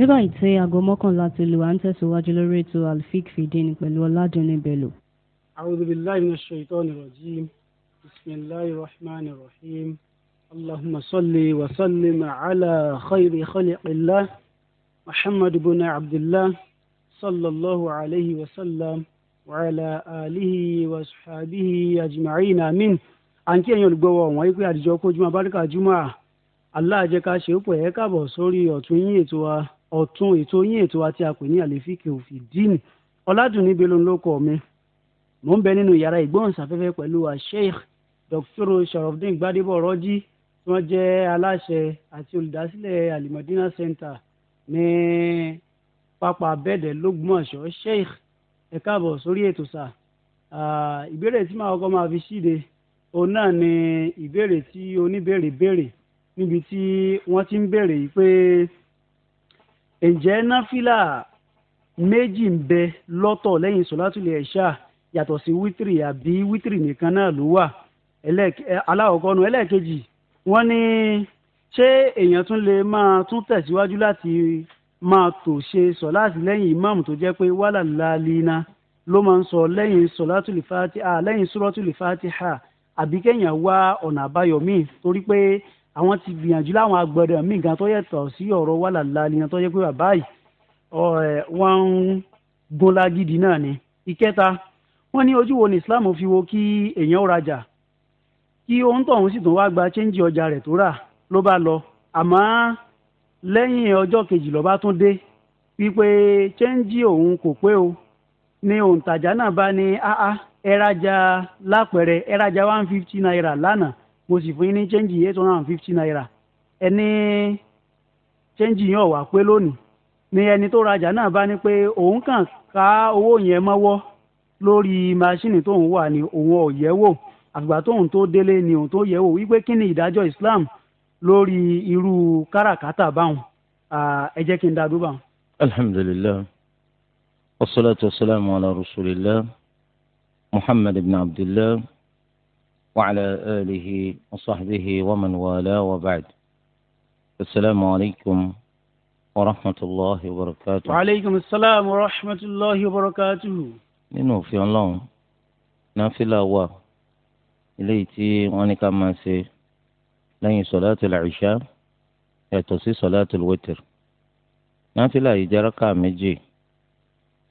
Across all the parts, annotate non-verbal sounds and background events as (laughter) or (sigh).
ní báyìí tí aago mọ́kànlá ti lù à ń tẹ̀síwájú lórí ètò alfik fìdíni pẹ̀lú ọ̀làdúnni bello. a'udhu billahi minash shaitanir rajim bismillahir rahmanir rahim allahumma salli wa sallim ala khayri khaliqillah muhammad ibn abdullah sallallahu alayhi wa sallam wa ala alihi wa sahbihi ajma'in amin. àǹtí ẹ̀yin olùgbọ́wọ́ wọ́n yí pé àdìjọ́ kó jùmọ̀ abáríkà jùmọ̀ Allah jẹ́ ká ṣe é pọ̀ ẹ́ káàbọ̀ sórí ọ̀tún yín ètò wa ọ̀tún ètò yín ètò àti àpè ní àlèfíkè òfin ọ̀làdùnní belo ló kọ́ mi mò ń bẹ nínú yàrá ìgbóhùnsáfẹ́fẹ́ pẹ̀lú sheikh dr sharafdin gbadebo rọ́jí tí wọ́n jẹ́ aláṣẹ àti olùdásílẹ̀ alimadina center ní pápá bẹ́ẹ̀dẹ̀ lọ́gbọ́nsọ sheikh ẹ káàbọ̀ sórí ètò sà ìbéèrè tí màá kọ́ máa fi ṣíde òun náà ni ìbéèrè tí oníbéèrè béèrè níbi tí wọ́n ti ń béèrè yìí pé. ǹjẹ́ náfìlà méjì ń bẹ lọ́tọ̀ lẹ́yìn sọ́látùlẹ̀ ẹ̀ṣà yàtọ̀ sí wítìrì àbí wítìrì nìkan náà ló wà aláwọ̀kọ́ ẹlẹ́ẹ̀kejì wọ́n ní ṣé èèyàn tún lè máa tún tẹ̀síwájú láti máa tò ṣe sọ̀láàtì lẹ́yìn ìmáàmù tó jẹ́ pé wàhálà lálínà ló máa ń sọ lẹ́yìn sọ̀látùlẹ̀ fatiha lẹ́yìn sọ̀látùlẹ̀ fatiha àbí wá ọ̀nà àbáyọ míì torí pé àwọn ti gbìyànjú láwọn agbọ̀dọ̀ míì gan tó yẹtọ̀ sí ọ̀rọ̀ wàhálà lálẹ́ tó yẹ pé bàbá yìí wọ́n ń gun lágídí náà ni. ìkẹta wọn ní ojú wo ni Islam fi wo kí èèyàn rajà kí ohun tóun sì tún wá gba chẹ́ńjì ọjà rẹ̀ tó rà ló bá lọ àmọ́ lẹ́yìn ọjọ́ kejì ló bá tún dé wípé chẹ́ńjì òun kò pé o ni òǹtajà náà bá ní áá ẹ rajà lápẹ̀rẹ̀ ẹ rajà one fifty naira lánàá mo sì fún yín ní chẹ́ǹjì eight hundred and fifty naira ẹni chẹ́ǹjì yẹn ò pé lónìí ni ẹni tó rajà náà bá ní pé òun kàn ká owó yẹn mọ́wọ́ lórí máṣíìnì tóun wà ní òun ò yẹ̀ wò àgbà tóun tó délé ni òun tó yẹ̀ wò wípé kí ni ìdájọ́ Islam lórí irú káràkátà báwọn ẹ jẹ́ kí n dádúró báwọn. alhamdulilayi wasalaatu wasalaamu ala rasulillah muhammad ibn abdillah. وعلى آله وصحبه ومن والاه وبعد السلام عليكم ورحمة الله وبركاته وعليكم السلام ورحمة الله وبركاته nínú òfin ọlọ́run náfìlà wà eléyìí tí wọ́n ní ká máa ṣe lẹ́yìn sọ̀láàtìl ìṣá yàtọ̀ sí sọ̀láàtìl wẹ́tìr náfìlà yìí jẹ́ rákà méjì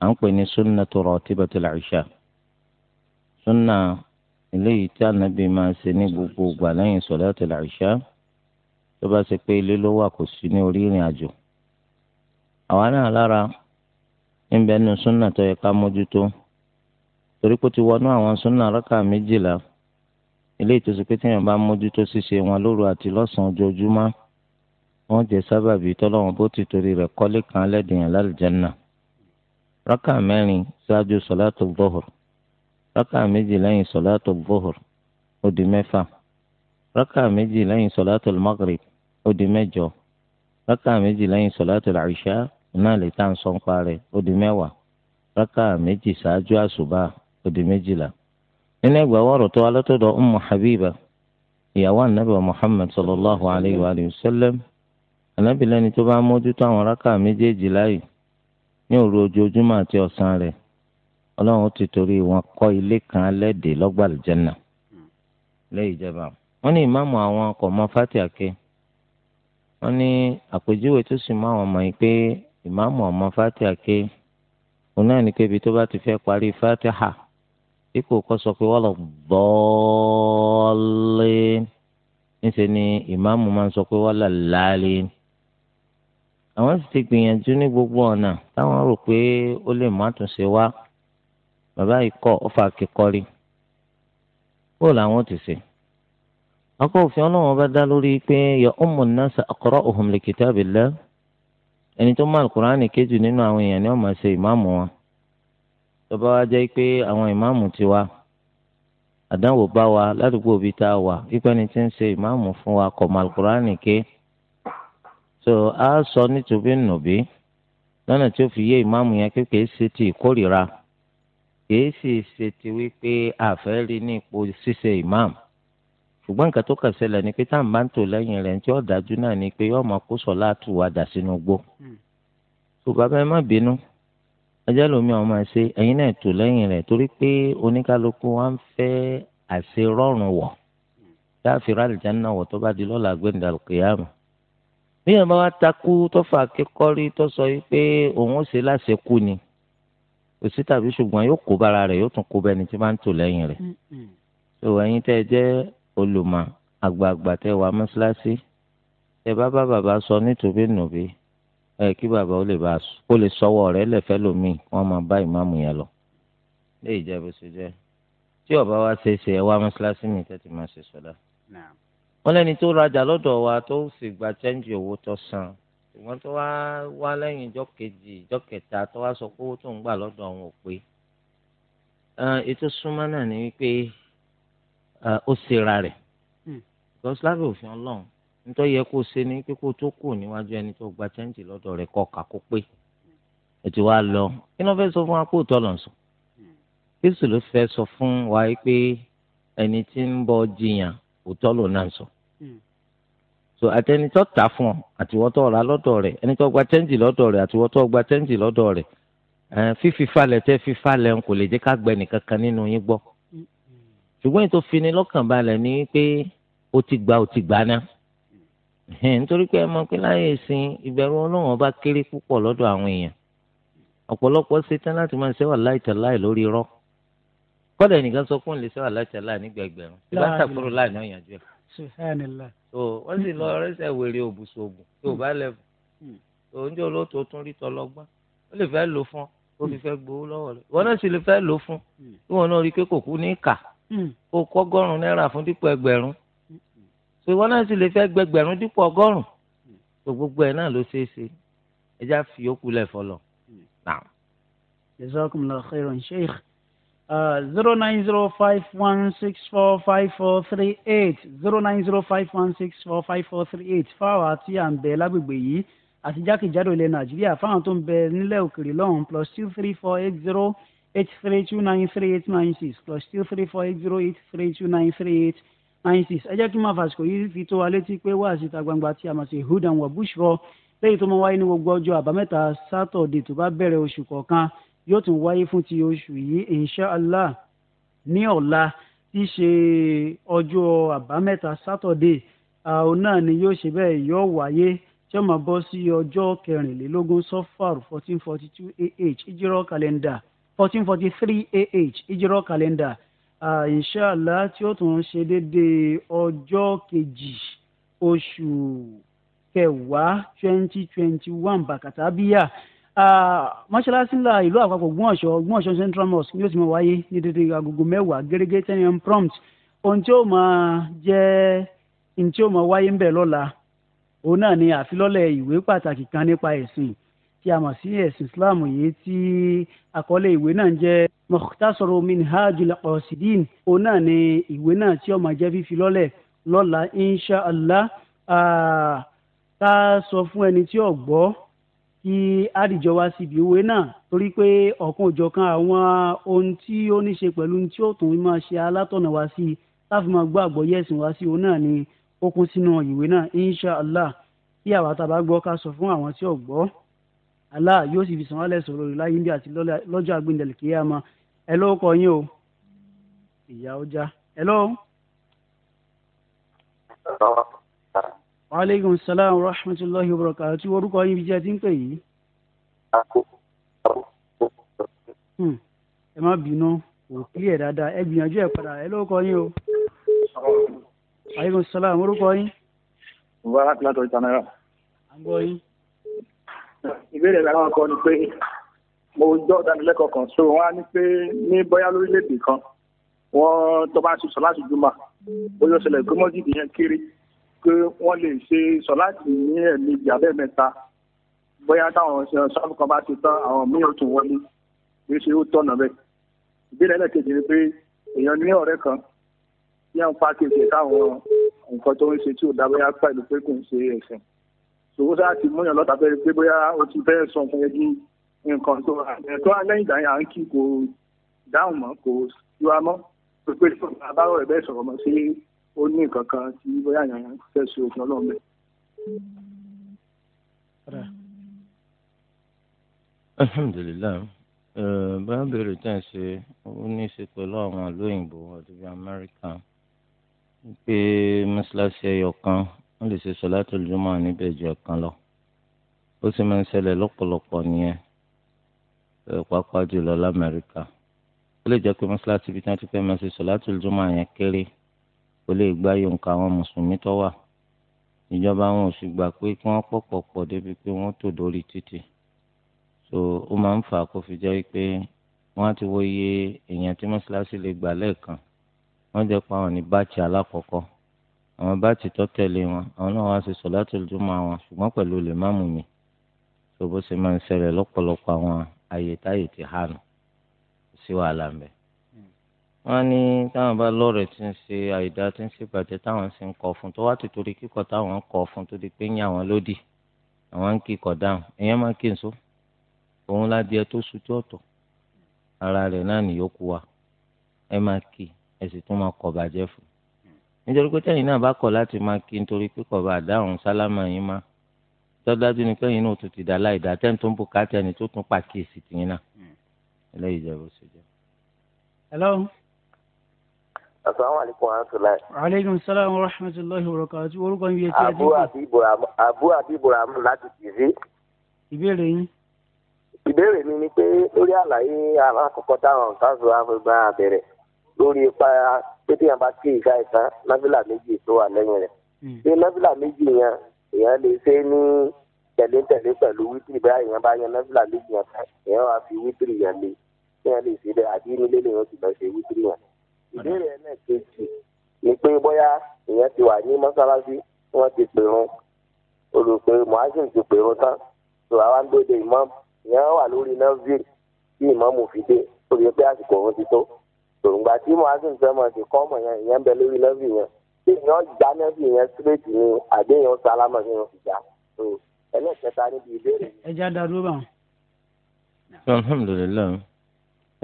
à ń pè ní súnnà tó rọ̀ tíbẹ̀tìl ìṣá súnnà eléyìí tí ànábì máa ṣe ní gbogbo ìgbà lẹ́yìn sọ̀láàtì làṣà tó bá ṣe pé ilé ló wà kò sí ní orí ìrìn àjò. àwa náà lára níbẹ̀ nu súnà tó yẹ ká mójútó torí pé ó ti wọnú àwọn súnà rákà méjìlá eléyìí tó ṣe pé téèyàn bá mójútó ṣíṣe wọn lóru àti lọ́sàn-án ojoojúmọ́ wọ́n jẹ́ sábàbí tọ́lọ́wọ́n bó ti torí rẹ̀ kọ́lé kan lẹ́dìyàn lálùjánnà rákà mẹ́rin ṣáájú sọ̀láàtì dọ́hùrù rákà méjì lẹ́yìn sọ̀látò bóhùr ó di mẹ́fà rákà méjì lẹ́yìn sọ̀látò magrib ó di mẹ́jọ rákà méjì lẹ́yìn sọ̀látò àìṣá náà lè tá à ń sọ ń parẹ́ ó di mẹ́wàá rákà méjì ṣáájú àṣùbà ó di méjìlá. nínú ẹgbàá wọ̀rọ̀ tó alátọ́dọ̀ ummu habiba ìyàwó anabi muhammed sallallahu alayhi wa sallam anabi lẹ́ni tó bá mójútó àwọn rákà méjèèjì láyìí ní òru ojoojúmọ́ àti ọ̀sán rẹ̀ ọlọ́run ti torí wọn kọ́ ilé kan lẹ́dẹ̀ẹ́ lọ́gbàlùjẹ́nà hmm. lẹ́yìn ìjọba wọn ní ìmáàmù àwọn ọkọ̀ ọmọ fatia ké wọn ní àpèjúwe tó sì máa wọn mọ̀ pé ìmáàmù ọmọ fatia ké òun náà ní kébi tó bá ti fẹ́ parí fatiha ni ìmáàmù máa ń sọ àwọn sì ti bàbá yìí kọ́ ọfà kíkọ́rí bó làwọn ti ṣe akọ òfin ọlọ́wọ́n bá dá lórí pé yọ ọmọ náà sa aqra'uhum li kitabillah ẹni tó máa kúránì kéjù nínú àwọn èèyàn ni wọ́n máa ṣe ìmáàmù wọn tó bá wá jẹ́ pé àwọn ìmáàmù ti wá àdánwò bá wa ládùúgbò bíi tá a wà pípẹ́ ni ti ń ṣe ìmáàmù fún wa kọ̀ máa kúránì ké so a sọ nítorí nùbí lọ́nà tí ó fi yé ìmáàmù yẹn kékeré ṣe ti ìkórìíra kìí sì ṣe ti wípé àfẹ́ rí ní ipò ṣíṣe imam ṣùgbọ́n nǹkan tó kàn ṣẹlẹ̀ ni pé tá à ń bá ń tò lẹ́yìn rẹ̀ tí ó dájú náà ni pé yọ́ọ́ máa kó sọ̀láàtù wa dà sínú gbó. tó hmm. bàbá ẹ má bínú ẹjẹ́ lomi àwọn máa ṣe ẹ̀yin náà tò lẹ́yìn rẹ̀ torí pé oníkálukú wa ń fẹ́ àṣerọ́rùn wọ̀ láàfin rálìjà náà wọ̀ tó bá di lọ́la gbẹ̀ndàlùkìyàmù bí òsì tàbí ṣùgbọ́n yóò kó bára rẹ̀ yóò tún kó bẹ́ni tí máa ń tò lẹ́yìn rẹ̀. tó ẹ̀yin tẹ́ ẹ jẹ́ olùmọ̀ àgbààgbà tẹ́ wà mọ́ṣáláṣí tẹ́ bá bá bàbá sọ nítorí nùbí ẹ kí bàbá ó lè bá ó lè sọwọ́ rẹ̀ lẹ́fẹ́ lómi wọ́n máa bá ìmáàmù yẹn lọ. lé ìjẹ́ bó ṣe jẹ́ tí ọba wa ṣe ṣe ẹ wá mọ́ṣáláṣí mi tẹ́ ti máa ṣe sọ́dá. wọ́n lẹ́ni tó rajà lọ́dọ̀ wa tó sì gba chẹ́ńjì owó tó san ṣùgbọ́n tó wá wá lẹ́yìn ìjọ kejì ìjọ kẹta tó wá sọ pé owó tó ń gbà lọ́dọ̀ àwọn ò pé ètò súnmọ́ náà ni wípé ó ṣera rẹ̀ hmm. because lábẹ́ òfin ọlọ́run nítorí yẹ kó ṣe ni pé kó tó kù níwájú ẹni tó gba chẹ́ǹtì lọ́dọ̀ rẹ̀ kọ́ ọ̀kà kó pé ètò wa lọ kí ló fẹ́ sọ fún wa kó tọ́ lọ sùn kristu ló fẹ́ sọ fún wa pé ẹni tí ń bọ́ jiyàn òótọ́ ló náà sọ so àtẹnitọ́ ta fún ọ àtiwọ́tọ́ ra lọ́dọ̀ rẹ̀ ẹnitọ́ gba chẹ́ǹjì lọ́dọ̀ rẹ̀ àtiwọ́tọ́ gba chẹ́ǹjì lọ́dọ̀ rẹ̀ fífi falẹ̀ tẹ́ fífi falẹ̀ ń kò lè jẹ́ ká gbẹ̀nì kankan nínú yín gbọ́ ṣùgbọ́n ètò fini lọ́kàn balẹ̀ ni pé o ti gba o ti gba ná nítorí pé ẹ mọ̀ pé láyé ìsìn ìbẹ̀rù ọlọ́run ọba kéré púpọ̀ lọ́dọ̀ àwọn èèyàn ọ̀pọ̀lọpọ̀ ṣetán láti máa ṣe wà láìtàláì lórí irọ́ kọ́dà ẹnìkan sọ fún ìlẹsẹ̀ wà láìtàláì nígbà ẹgbẹ̀rún ìbá láì náà yànjú ẹ̀ subhanallah. so wọ́n sì lọ rẹ́sẹ̀ wèrè òbùsọ̀bù tí ò bá lẹ́fù tó hmm. ń jẹ́ olóòtú tún rí tọlọ́gbọ́n ó lè fẹ́ lò fún ó lè hmm. fẹ́ gbowó lọ́wọ́ rẹ̀ wọ́n náà sì lè fẹ́ lò fún tí hmm. wọ́n náà rí pé kò kú ní kà kó kọ́gọ́rùn náírà fún dípò ẹgbẹ̀rún so wọ́n náà sì lè fẹ́ gbẹgbẹ̀rún dípò ọgọ́rùn tó gbogbo ẹ̀ náà ló ṣeé ṣe ẹja fi yókù lẹ̀ fọlọ́. jazakumullahu khairan sheikh zero nine zero five one six four five four three eight zero nine zero five one six four five four three eight fáwọn àti à ń bẹ lágbègbè yìí àti jákèjádò ilẹ̀ nàìjíríà fáwọn tó ń bẹ nílẹ̀ òkèèrè lọ́hùn plus two three four eight zero eight three two nine three eight nine six plus two three four eight zero eight three two nine three eight nine six ẹ jẹ́ kí n máa fàṣìkò yìí fi tó wa létí pé wá síta gbangba tí a mọ̀ sí hudan wa bushro lẹ́yìn tó máa wáyé ní gbogbo ọjọ́ àbámẹ́ta sátọ̀dẹ̀ tó bá bẹ̀rẹ̀ oṣù kọ̀ọ̀kan yóò tún wáyé fún ti oṣù yìí inshàlá ní ọ̀la tí í ṣe ọjọ́ àbámẹ́ta sátọ̀dé àwọn náà ni yóò ṣe bẹ́ẹ̀ yóò wáyé tí ó máa bọ́ sí ọjọ́ kẹrìnlélógún sọ́fàr fourteen forty two ah ìjírọ̀ kàlẹ́ndà fourteen forty three ah ìjírọ̀ kàlẹ́ndà inshàlá tí ó tún ṣe déédéé ọjọ́ kejì oṣù kẹwàá twenty twenty one bàkàtà bíyà mọ́ṣáláṣí ńlá ìlú àpapọ̀ gbọ́nsọ̀ gbọ́nsọ̀ central mosque yóò ti máa wáyé ní dédé agogo mẹ́wàá gẹ́gẹ́ ten am prompt ohun tí ó máa jẹ́ ohun tí ó máa wáyé ńbẹ̀ lọ́la òun náà ni àfilọ́lẹ̀ ìwé pàtàkì kan nípa ẹ̀sìn tí a mọ̀ sí ẹ̀sìn islam yìí tí àkọlé ìwé náà ń jẹ́ mukhtasaru minhajul qasidin òun náà ni ìwé náà tí ó máa jẹ́ fífilọ́lẹ̀ lọ́la insha allah ká sọ fún ẹni tí ó gbọ́ kí àdìjọ wá síbi ìwé náà torí pé ọ̀kan òjọ̀kan àwọn ohun tí ó ní ṣe pẹ̀lú ohun tí ó tún máa ṣe alátọ̀nà wá sí láti máa gbọ́ àgbọ́yé ẹ̀sìn wá sí òun náà ni ó kún sínú ìwé náà insha allah kí àwa tá a bá gbọ́ ká sọ fún àwọn tí ò gbọ́ allah yóò sì fi sàn wálẹ̀ sọ̀rọ̀ rẹ̀ láyé bí àti lọ́jọ́ àgbéǹdẹ̀lẹ̀ kí á máa ẹ ló kọ yín o ìyá ọjà ẹ lọ́wọ́ aleykum salaam wa rahmatulahi wa barakatu orúkọ yín bíi jẹ́ ti ń pè yìí. Hmm. ẹ má bínú kò kílẹ̀ dáadáa ẹ gbìyànjú ẹ padà ẹ lóko yín o. aleykum salaam orúkọ yín. mubarak látọ̀ ìta náírà. à ń gbọ́ yín. ìbéèrè rẹ̀ kan ni pé mo gbọ́ ìdánilẹ́kọ̀ọ́ kan so wọ́n á ní pé ní bóyá lórílẹ̀‐èdè kan wọ́n tó bá ṣiṣọ́ láti jùmọ̀ bóyá ó ṣẹlẹ̀ gbọ́mọ́jì nìyẹn kiri pé wọ́n lè ṣe sọ̀láàtì ní ẹ̀ẹ̀mejì abẹ́mẹ́ta bóyá táwọn ṣọ́ọ̀bù kan bá ti tán àwọn míì ó tún wọlé bí ṣe ó tọ̀nà bẹ́ẹ̀. ìbéèrè ẹlẹ́kejì ni pé èèyàn ní ọ̀rẹ́ kan tí wọ́n pa kéèké táwọn nǹkan tó ń ṣe tí ò dá bóyá pẹ̀lú pé kò ń ṣe ẹ̀sìn. ṣòwò sáà ti múyàn lọ́ta fẹ́ pé bóyá o ti fẹ́ sọ fún ẹbí nǹkan tó ẹ̀tọ́ lẹ́yìn ìgbà yẹn à ń kí kò dáhùn mọ́ kò síwá mọ́ pé pé ó ní nǹkan kan tí bóyá yàrá fẹ́ ṣe òfin ọlọ́run bẹ́ẹ̀. alhamdulilayi bóyá béèrè tá à ń ṣe ó ní í ṣe pẹ̀lú àwọn àlóyìnbó àti bíi amẹ́ríkà pé mọ́ṣáláṣí ẹyọ kan wọ́n lè ṣe sọ̀láàtì lójúmọ́ níbẹ̀ jù ọ̀kan lọ ó sì máa ń ṣẹlẹ̀ lọ́pọ̀lọpọ̀ nìyẹn pàápàá jùlọ lamẹ́ríkà ó lè jẹ́ pé mọ́ṣáláṣí ibi tí wọ́n ti fẹ́ máa ṣe sọ̀láàtì lójúmọ́ yẹn kéré kò lè gba yòǹkà àwọn mùsùlùmí tó wà ìjọba wọn ò sì gbà pé kí wọ́n pọ̀pọ̀ pọ̀ débi pé wọ́n tò lórí títì so ó máa ń fà á kó fi jẹ́ pé wọ́n á ti wo iye èèyàn tí mọ́ṣáláṣí lè gbà lẹ́ẹ̀kan wọ́n jẹ́ pa àwọn ní báàtì alákọ̀ọ́kọ́ àwọn báàtì tó tẹ̀lé wọn àwọn náà wàá ṣe sọ̀látul júmà àwọn ṣùgbọ́n pẹ̀lú lè má mú mi so bó ṣe máa ń ṣẹlẹ̀ lọ́pọ̀lọpọ̀ àwọn àyè táyè ti hànú sí wàhálà ń wọ́n ní táwọn bá lọ́rẹ̀ tí ń ṣe àìdá tí ń ṣe bàjẹ́ táwọn sì ń kọ̀ fún tó wá ti torí kíkọ̀ táwọn ń kọ̀ fún tó di pé ń yà wọ́n lódì àwọn ń kíkọ̀ dáhùn ìyẹn máa kí n so òun ládìẹ tó sutú ọ̀tọ̀ ara rẹ̀ náà nìyókù wa ẹ máa kí ẹ sì tún máa kọ̀ bàjẹ́ fún nítorí pé tẹ́yìn náà bá kọ̀ láti máa kí nítorí kíkọ̀ bá dáhùn sálámà yín má tọ́dájú ni pẹ́yìn náà tún ti dà láìdá tẹ́ hmm. hello asalaamualeykum wa rahmatulahi. aleykum salaam wa rahmatulahi wa barakatuh orúkọ mi yẹ ti ẹ dínkù. abu abiburamu láti tìzí. ìbéèrè yín. ìbéèrè mi ni pé lórí àlàyé alákọ̀ọ́kọ́ táwọn ọ̀táàzù àfẹ́gbà bẹ̀rẹ̀ lórí ipa pété yẹn bá kí ìka ìtàn náfìlà méjì tó wà lẹ́yìn rẹ̀. Hmm. ṣé náfìlà méjì yẹn èèyàn lè ṣe ní tẹ̀léńtẹ̀lé pẹ̀lú wítìrì bá èèyàn bá yan náfìlà méjì yẹn fẹ́ èèyàn wá fi wítìrì yẹn lé èèyàn lè ṣe bẹ́ẹ̀ àbí ìbéèrè ẹlẹ́ẹ̀kejì ni pé bóyá èèyàn ti wà ní mọ́sálásí wọ́n ti pèrun olùpè muhammed ti pèrun tán tó àwa ń dóde imam èèyàn wà lórí navil tí ìmáàmù fi dé ó rí i pé àsìkò òun ti tó tòǹgbà tí muhammed fẹ́ mọ̀ sí kọ́ mọ̀ yẹn ìyẹn bẹ lórí navil yẹn tí èèyàn já navil yẹn straight ni àdéhùn sálámà ni wọ́n fi já ẹlẹ́ẹ̀kẹta níbi ìbéèrè. ẹ já dá dúró báwọn. alhamdulilayi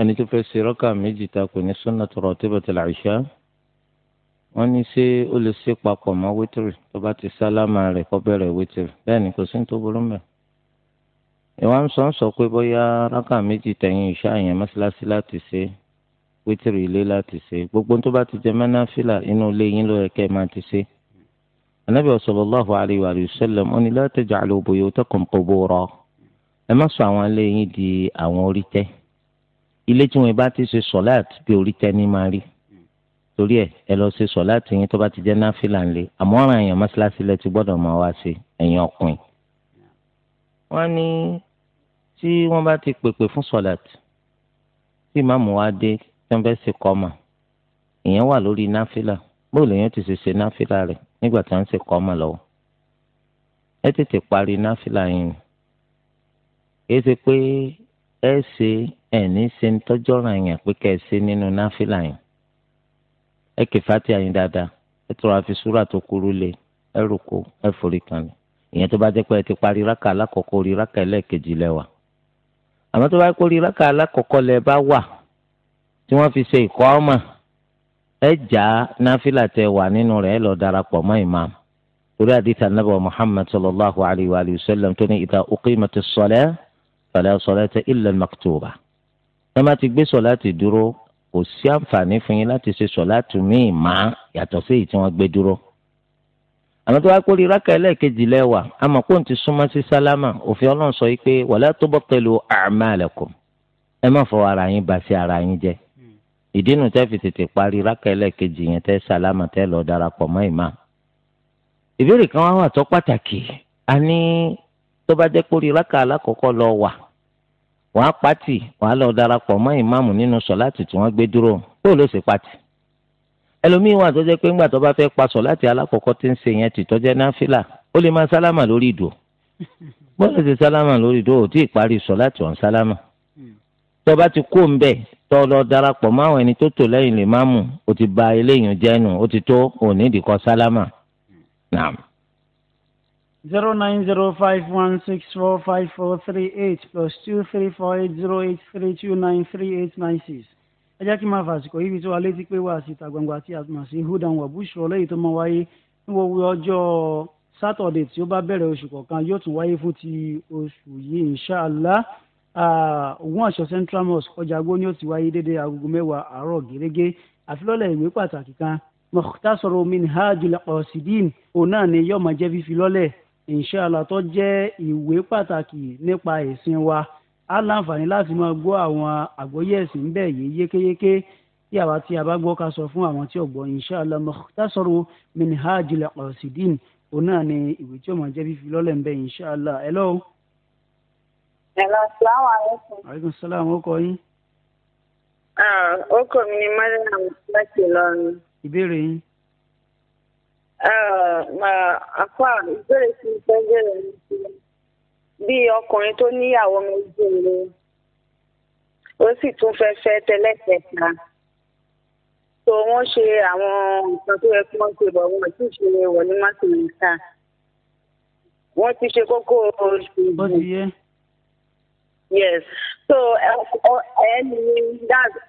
ẹni tó fẹ́ ṣe rọ́kà méjì ta kò ní sunna tọrọ tẹ́bẹ̀tẹ̀ làṣà wọ́n ní ṣé ó lè ṣe papọ̀ mọ́ wítìrì tó bá ti sálámà rẹ̀ kó bẹ̀rẹ̀ wítìrì bẹ́ẹ̀ ni kò sí ní tó burú mẹ́. ìwà ń sọ ń sọ pé bóyá rọ́kà méjì tẹ̀yìn ìṣá yẹn mọ́ṣáláṣí láti ṣe wítìrì ilé láti ṣe gbogbo tó bá ti jẹ mẹ́náfìlà inú ilé yín ló yẹ máa ti ṣe. ànábì sallallahu ilé tí wọn bá ti ṣe sọláàtì bí orí tẹni máa rí torí ẹ ẹ lọ ṣe sọláàtì yín tó bá ti jẹ́ náfìlà ńlẹ̀ àmọ́ ọ̀ràn èèyàn mọ́ṣáláṣí lẹ ti gbọ́dọ̀ máa wá ṣe ẹ̀yin ọkùnrin. wọ́n ní tí wọ́n bá ti pèpè fún sọláàtì tí ìmáàmù wa dé tí wọ́n fẹ́ ṣe kọ́mà èèyàn wà lórí náfìlà bóòlù èèyàn ti ṣe ṣe náfìlà rẹ̀ nígbà tí wọ́n ṣe kọ́mà lọ́wọ́ ẹ tètè parí náfìlà yín kì í pé ẹ ṣe ẹ̀ní ṣe ń tọ́jọ́ ràn yàn pé kẹ́ ẹ ṣe nínú náfìlà yẹn ẹ kì fati àyìn dáadáa ẹ tọrọ àfi tó kúrú lé ẹ rúkú ẹ forí kan lẹ̀ ìyẹn tó bá jẹ́ pé ẹ ti parí rákà alákọ̀ọ́kọ́ tó bá kó lẹ bá fi ṣe ọmọ ẹ já náfìlà tẹ wà nínú ẹ imam torí nàbà wa sallam tó ní ìta fala salata illa al-maktuba ẹ má ti gbé sọ̀láàtì dúró kò sí àǹfààní fún yín láti ṣe sọ̀láàtì míì má yàtọ̀ sí èyí tí wọ́n gbé dúró àmọ́ tó wá pé rí rákà ẹlẹ́ẹ̀kejì lẹ́wà àmọ́ kó n ti súnmọ́ sí sálámà òfin ọlọ́run sọ yìí pé wala tubtilu a'malakum ẹ má fọ ara yín ba sí ara yín jẹ́ ìdí nu tẹ́ fi tètè parí rákà ẹlẹ́ẹ̀kejì yẹn tẹ́ sálámà tẹ́ lọ darapọ̀ mọ́ ìmá ìbéèrè kan wá wà tó pàtàkì a ní tó bá jẹ́ pé orí rákà alákọ̀ọ́kọ́ lọ wà wàá pàtì wàá lọ darapọ̀ mọ́ ìmáàmù nínú sọ̀láàtì tí wọ́n gbé dúró bó ló ṣe pàtì ẹlòmíín wà tó jẹ́ pé ńgbà tó bá fẹ́ pa sọ̀láàtì alákọ̀ọ́kọ́ tí ń ṣe yẹn ti tó jẹ́ náfìlà ó lè máa sálámà lórí ìdò (laughs) bó ló ṣe sálámà lórí ìdò ò tí ì parí sọ̀láàtì ọ̀hún sálámà tó bá ti kó ń bẹ̀ tó lọ darapọ̀ mọ́ àwọn ẹni tó tò lẹ́yìn lè máàmù ó ti ba zero nine zero five one six four five four three eight plus two three four eight zero eight three two nine three eight nine six. ẹ jẹ́ kí n máa fàṣìkò yìí fi tó wa létí pé wá síta gbangba tí a mọ̀ sí hudan wa bushra lẹ́yìn tó máa wáyé ní gbogbo ọjọ́ sátọ̀dé tí ó bá bẹ̀rẹ̀ oṣù kọ̀ọ̀kan yóò tún wáyé fún ti oṣù yìí inshàlá ògùn ọ̀ṣọ́ central mosque ọjà agbó ni ó ti wáyé déédéé agogo mẹ́wàá àárọ̀ gẹ́gẹ́ àfilọ́lẹ̀ ìwé pàtàkì kan mukhtasaru minhajul qasidin òun náà ni yọ́ọ̀mọ̀ jẹ́ fífi lọ́lẹ̀ inshallah tó jẹ́ ìwé pàtàkì nípa ẹ̀sìn wa á láǹfààní láti máa gbọ́ àwọn àgbọ́yé ẹ̀sìn ń bẹ̀ yé yékéyéké tí àwa tí a bá gbọ́ ká sọ fún àwọn tí ò gbọ́ inshallah Mukhtasaru Minhajil Qasidin òun náà ni ìwé tí ó máa jẹ́ fífi lọ́lẹ̀ ń bẹ̀ inshallah hello. hello assalamu alaikum. aleykum salaam ó kọ yín. ó ah, kọ mi ní mariam láti Ìlọrin. ìbéèrè àfa ìbéèrè tí mo fẹ́ bẹ̀rẹ̀ ni bí ọkùnrin tó níyàwó méjì ni ó sì tún fẹ́ fẹ́ tẹ́lẹ̀kẹta tó wọ́n ṣe àwọn nǹkan tó yẹ kí wọ́n ṣe bọ̀ wọ́n ti ṣe wọlé mọ́tòmí ká wọ́n ti ṣe kókó oṣù yes so ẹni ní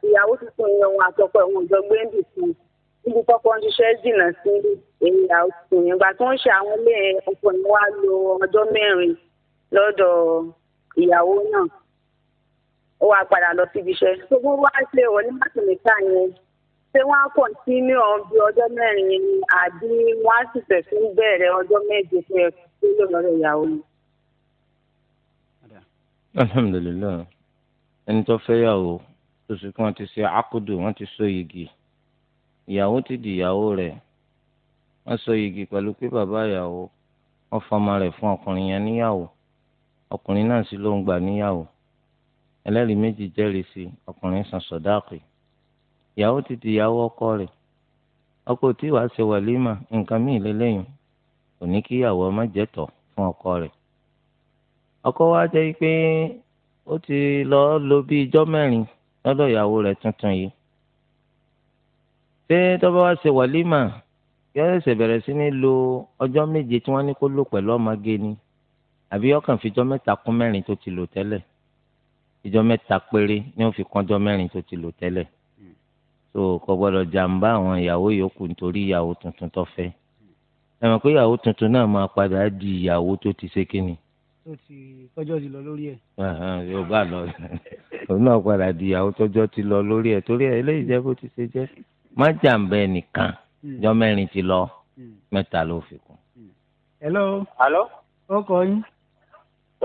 ìyàwó tuntun yẹn wọn àtọkọ ẹ̀wọ̀n ìjọgbẹ́ndì fún un níbi tọkọ ń ṣiṣẹ́ jìnnà sí ẹ̀yà ọkùnrin ìgbà tó ń ṣe àwọn ilé ọkọ yẹn wá lò ọjọ́ mẹ́rin lọ́dọ̀ ìyàwó náà ó wá padà lọ síbi iṣẹ́ gbogbo wá ṣe òní mátìmíkà yẹn ṣé wọ́n á kọ̀ntínú ọ̀hún bí ọjọ́ mẹ́rin yẹn àbí wọ́n á sì fẹ̀sùn bẹ̀rẹ̀ ọjọ́ méje fún ẹ tó lè lọ́dọ̀ ìyàwó yẹn. alhamdulilayi ẹni tó fẹ́ yàwó tó sì kí wọ́n ti ṣe àkúdù wọ́n ti so yìgì ìyàwó ti di ìyàwó rẹ̀ wọ́n sọ yìgì pẹ̀lú pé bàbá ìyàwó wọ́n fọmọ rẹ̀ fún ọkùnrin yẹn níyàwó ọkùnrin náà sì ló ń gbà níyàwó ẹlẹ́rìí méjì jẹ́rìí sí ọkùnrin san sọ̀dáàkì ìyàwó ti di ìyàwó ọkọ rẹ̀ ọkọ tí wàá ṣe wàlímà nǹkan míì lélẹ́yìn kò ní kí ìyàwó má jẹ́tọ̀ fún ọkọ rẹ̀ ọkọ wa jẹ́ pé ó ti lọ́ọ́ lo bíi ijọ́ mẹ́rin lọ́dọ̀ ìyàwó rẹ̀ tuntun yìí ṣé tọ́ba wá ṣe wàlímà yóò ṣẹ̀ṣẹ̀ bẹ̀rẹ̀ sí ní lo ọjọ́ méje tí wọ́n ní kó lò pẹ̀lú ọmọge ni àbí ọkàn fìjọ́ mẹ́ta kún mẹ́rin tó ti lò tẹ́lẹ̀ ìjọ́ mẹ́ta péré ni ó fi kọ́jọ́ mẹ́rin tó ti lò tẹ́lẹ̀ tó kò gbọ́dọ̀ jàǹbá àwọn ìyàwó yòókù nítorí ìyàwó tuntun tó fẹ́ ẹ mọ̀ pé ìyàwó tuntun náà máa padà di ìyàwó tó ti ṣe kíni. tó ti tọ́jọ́ ti lọ lórí ẹ̀. yóò bá lọ òun náà padà di ìyàwó tọ́jọ́ ti lọ lórí ẹ̀ torí ẹ̀ eléyìí jẹ́ bó ti ṣe jẹ́ má jàǹbẹ́ nìkan hmm. jọ mẹ́rin ti lọ hmm. mẹ́ta ló fi kún. Hmm. hello. alo. ó kọ yín.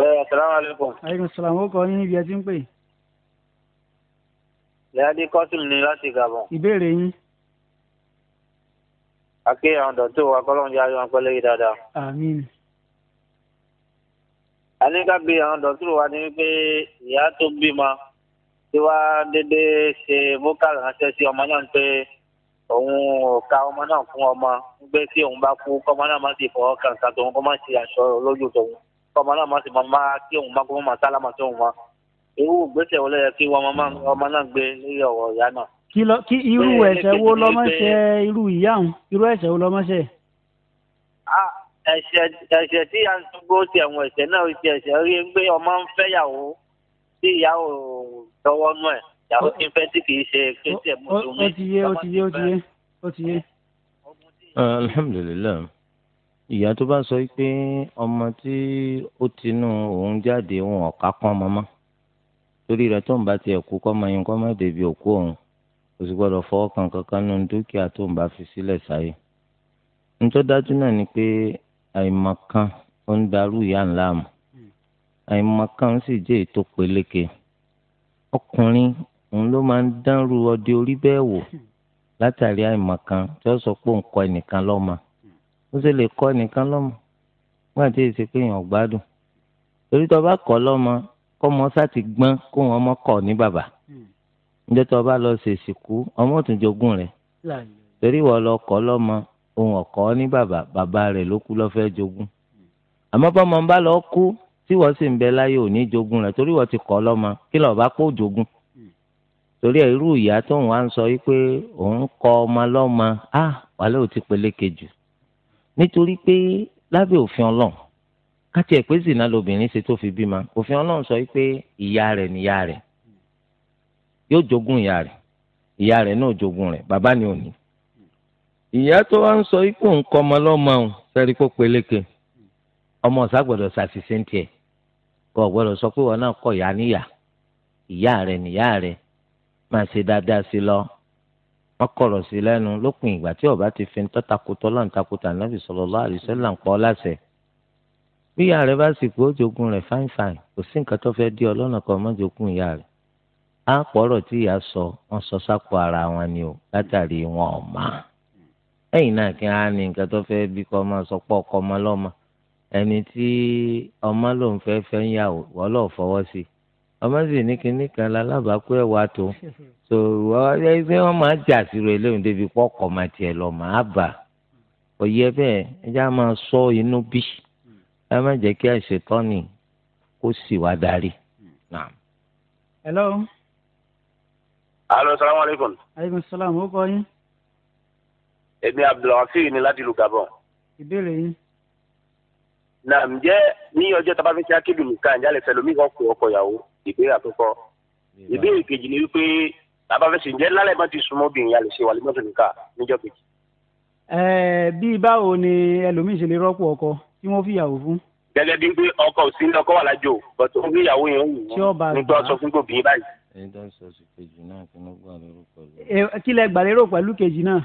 ẹ asalaamualeykum. aleykum salaam ó kọ yín ibi ẹ ti ń pè. lẹ́yàdí kọ́sùn ni láti gabon. ìbéèrè yín. àké àwọn dọ̀tún wa kọ́lọ́n jẹ́ ayọ̀ pẹ́lẹ́ yìí dáadáa. àmín. àníkà bí àwọn dọ̀tún wa ni wípé ìyá tó bímọ tí wàá dédé ṣe vocal ránṣẹ́ sí ọmọ náà pé òun ò ka ọmọ náà fún ọmọ gbé tí òun bá kú kọ́mọ náà má sì fọwọ́ kàn ká tòun kọ́ má sì aṣọ lójú tòun kọ́mọ náà má sì máa máa kí òun má kó má sálámà tóun wá irú ìgbésẹ̀ wo ló yẹ kí ọmọ náà gbé lórí ọ̀rọ̀ ìyá náà. kí ló kí irú ẹ̀ṣẹ̀ wo lọmọ ṣe irú ìyá òun irú ẹ̀ṣẹ̀ wo lọmọ ṣe. ẹ̀ṣẹ̀ tí a ń gbó ti ẹ̀wọ̀n ẹ̀ṣẹ̀ náà ti ẹ̀ṣẹ̀ rí ń gbé ọmọ ń fẹ́yàwó tí ìyá ìyàwó tí ń fẹ́ tí kì í ṣe kéṣì ẹ̀ mùsùlùmí. ó ti yé ó ti yé ó ti yé ó ti yé. alhamdulilayi ìyá tó bá sọ pé ọmọ tí ó tinú òun jáde òun ọ̀ka kan mọ́mọ́ torí rẹ̀ tó ń bá tiẹ̀ kú kọ́ mọ́yìn kọ́ mọ́ débi òkú òun kò sì gbọ́dọ̀ fọwọ́ kan kankan nínú dúkìá tó ń bá fi sílẹ̀ sáyé. nítorí náà ni pé àìmọ̀kan ó ń darú ìyá ńlá mọ̀ hmm. àìmọ̀kan sì jẹ́ ètò peléke ọkùnrin òun ló máa ń dánrú ọdẹ orí bẹ́ẹ̀ wò látàrí àìmọ̀kan tí ó sọ pé òun kọ́ ẹnìkan lọ́mọ ó sì lè kọ́ ẹnìkan lọ́mọ wọn àti èsì pé èèyàn gbádùn torí tó bá kọ́ lọ́mọ kọ́ ọmọ sáti gbọ́n kó wọn ọmọ kọ̀ ní bàbá níjọ́ tó bá lọ ṣèṣì kú ọmọ òtún jogún rẹ̀ torí wọ́n lọ kọ́ lọ́mọ òun ọ̀kọ́ ní bàbá bàbá rẹ̀ ló kú lọ́fẹ́ jogún àmọ́ bọ́mọ ń bá lọ kú tí wọ́n sì ń bẹ láyé òní jogún rẹ̀ torí wọ́n ti kọ́ lọ́mọ kí lọ́ọ́ bá kó jogún. torí ẹ irú ìyá tó ń wá ń sọ wípé òun kọ ọmọ lọ́mọ á wàhálà ò ti peléke jù nítorí pé lábẹ́ òfin ọlọ́run káti ẹ̀ pé zina lobìnrin ṣe tó fi bímọ òfin ọlọ́run sọ wípé ìyá rẹ̀ níyá rẹ̀ yóò jogún ìyá rẹ̀ ìyá rẹ̀ náà jogún rẹ̀ bàbá ni òní. ìyá tó wá sọ wípé òun kọ ọmọ lọ́mọ ọ̀hún sẹ́rí máa ṣe dáadáa sí lọ wọn kọrọ sí lẹ́nu lópin ìgbà tí ọba ti fi ń tọ́takùtọ́ lọ́n takùtà nàbì sallallahu alaihi wasallam pọ̀ láṣẹ. bí ìyá rẹ bá sì pé ó jogún rẹ fáìfáì kò sí nǹkan tó fẹ́ dí ọlọ́nà kan mọ́ ìyá rẹ. á pọ̀rọ̀ tí ìyá sọ wọn sọ sápò ara wọn o látàrí wọn ò má. ẹ̀yìn náà kí á ní nǹkan tó fẹ́ ọkọ ọmọ lọ́mọ ẹni tí ọmọ lòun fẹ́ fẹ́ ọmọ sì ní kinní kan lálábàákú ẹ̀wà tó tó ẹgbẹ́ wọn máa jà sírò eléyìí débi pọ́kọ̀ máa tiẹ̀ lọ máa bà òye bẹ́ẹ̀ ẹjẹ́ á máa sọ inú bí ẹ má jẹ́ kí àṣetọ́ni kó sì wá darí. hello. alo salamu aleykum. aleykum salaam ó kọ́ yín. èmi abdulwakil ni láti lu gabon. ìbéèrè yín na ǹjẹ́ ní ọjọ́ tá a bá fi ṣe akédùn nìkan ǹjẹ́ àlẹ́ fẹ́ lomi kọ́ pé ọkọ ìyàwó ìbéèrè àkọ́kọ́ ìbéèrè kejì ni wípé abáfẹsẹ ǹjẹ lálẹ́ bá ti súnmọ́ obìnrin yàrá ṣe wà lè mọtò nìka níjọ́ kejì. ẹẹ bíi báwo ni ẹlòmíín ṣe lè rọ́pò ọkọ tí wọ́n fi yàwó fún. gẹ́gẹ́ bíi pé ọkọ òsì ní ọkọ wà lájò bọtú ó ń gbé ìyàwó yẹn wù wọn nígbà sọ fún gbòbí báyìí. ẹni tó sọ sí kejì náà kí ló gbà lérò kí lẹ gbà lérò kejì náà.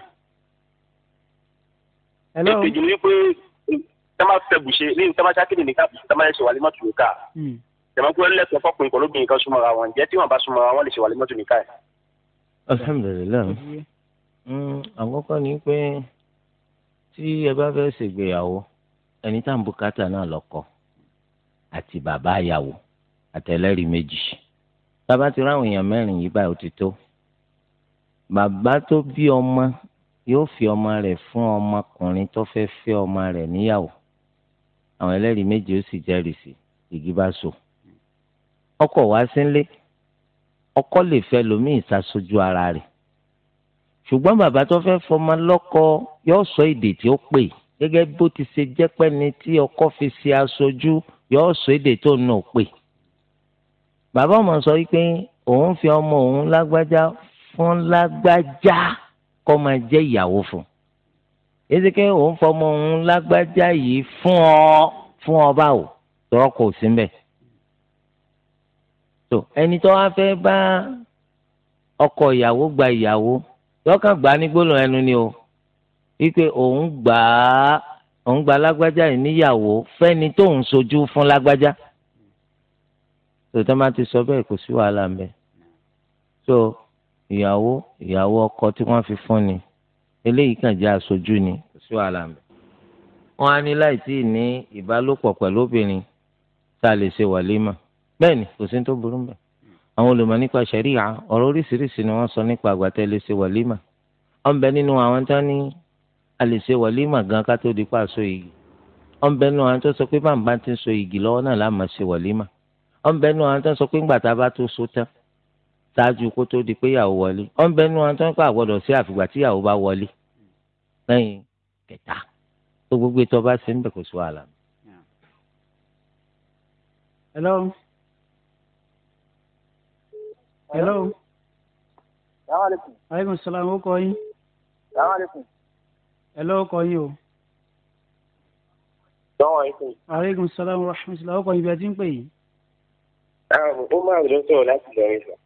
èkejì jamakulu ẹlẹsìn fọkùnrin pẹ̀lú obìnrin kan súnmọ́ra wọn jẹ tí wọn bá súnmọ́ra wọn lè ṣe wà lẹmọtò nìkan yẹn. alhamdulilayi mm, àkọ́kọ́ ni pé tí ẹ bá fẹ́ ṣègbéyàwó ẹni tá à ń bùkátà náà lọ́kọ àti bàbá àyàwó àtẹlẹ́rìí méjì bàbá ti ráwọn èèyàn mẹ́rin yìí báyìí ó ti tó bàbá tó bí ọmọ yóò fi ọmọ rẹ̀ fún ọmọkùnrin tó fẹ́ fẹ́ ọmọ rẹ̀ níyàwó àwọn ẹlẹ́rìí méjì ó sì jẹ́rìí sí igi so ọkọ wá sílé ọkọ lè fẹ́ lómìn ìsàsojú ara rẹ̀ ṣùgbọ́n bàbá tó fẹ́ fọmọ lọ́kọ yóò sọ èdè tí ó pè gẹ́gẹ́ bó ti ṣe jẹ́ pẹ́ni tí ọkọ fi ṣe aṣojú yóò sọ èdè tó náà pè bàbá ọmọ sọ wípé òun fi ọmọ òun lágbájá fún lágbájá kó máa jẹ́ ìyàwó fún èsì òun fọmọ òun lágbájá yìí fún ọ fún ọ báwo tọrọ kò sí mbẹ tó ẹni tó wá fẹ́ bá ọkọ ìyàwó gba ìyàwó yọkàn gbà á ní gbólóhùn ẹnu ni o wípé òun gbà á òun gba lágbájá yìí níyàwó fẹ́ni tóun sojú fún lágbájá tòótọ́ máa ti sọ bẹ́ẹ̀ kò sí wàhálà ń bẹ so ìyàwó ìyàwó ọkọ tí wọ́n fi fún ni eléyìí kàn jẹ́ aṣojú ni kò sí wàhálà ń bẹ. wọ́n á ní láì tí ì ní ìbálòpọ̀ pẹ̀lú obìnrin tá a lè ṣe wàlímà bẹ́ẹ̀ ni kò sí tó burú mbẹ̀ àwọn olùmọ̀ nípa ṣẹ̀ríà ọ̀rọ̀ oríṣiríṣi ni wọ́n sọ nípa àgbàtẹ́ lè ṣe wàlímà ọ̀nbẹ nínú àwọn tó ní a lè ṣe wàlímà gan ká tó di pa so igi ọ̀nbẹ nínú àwọn tó sọ pé bàbá ti ń so igi lọ́wọ́ náà láàmà ṣe wàlímà ọ̀nbẹ nínú àwọn tó sọ pé ńgbà bá tó so tán ṣáájú kó tó di pé ìyàwó wọlé ọ̀nbẹ nínú àwọn tó ń pa àgbọ̀dọ̀ hello hello. salaamaleykum. aleykum salaam o kọ yín. salaamaleykum. hello o kọ yín o. sọ́wọ́n yín sìn. aleykum salaam wa rahmatulah o kọ yín bí a ti ń pè yín. ó máa ń sọ̀rọ̀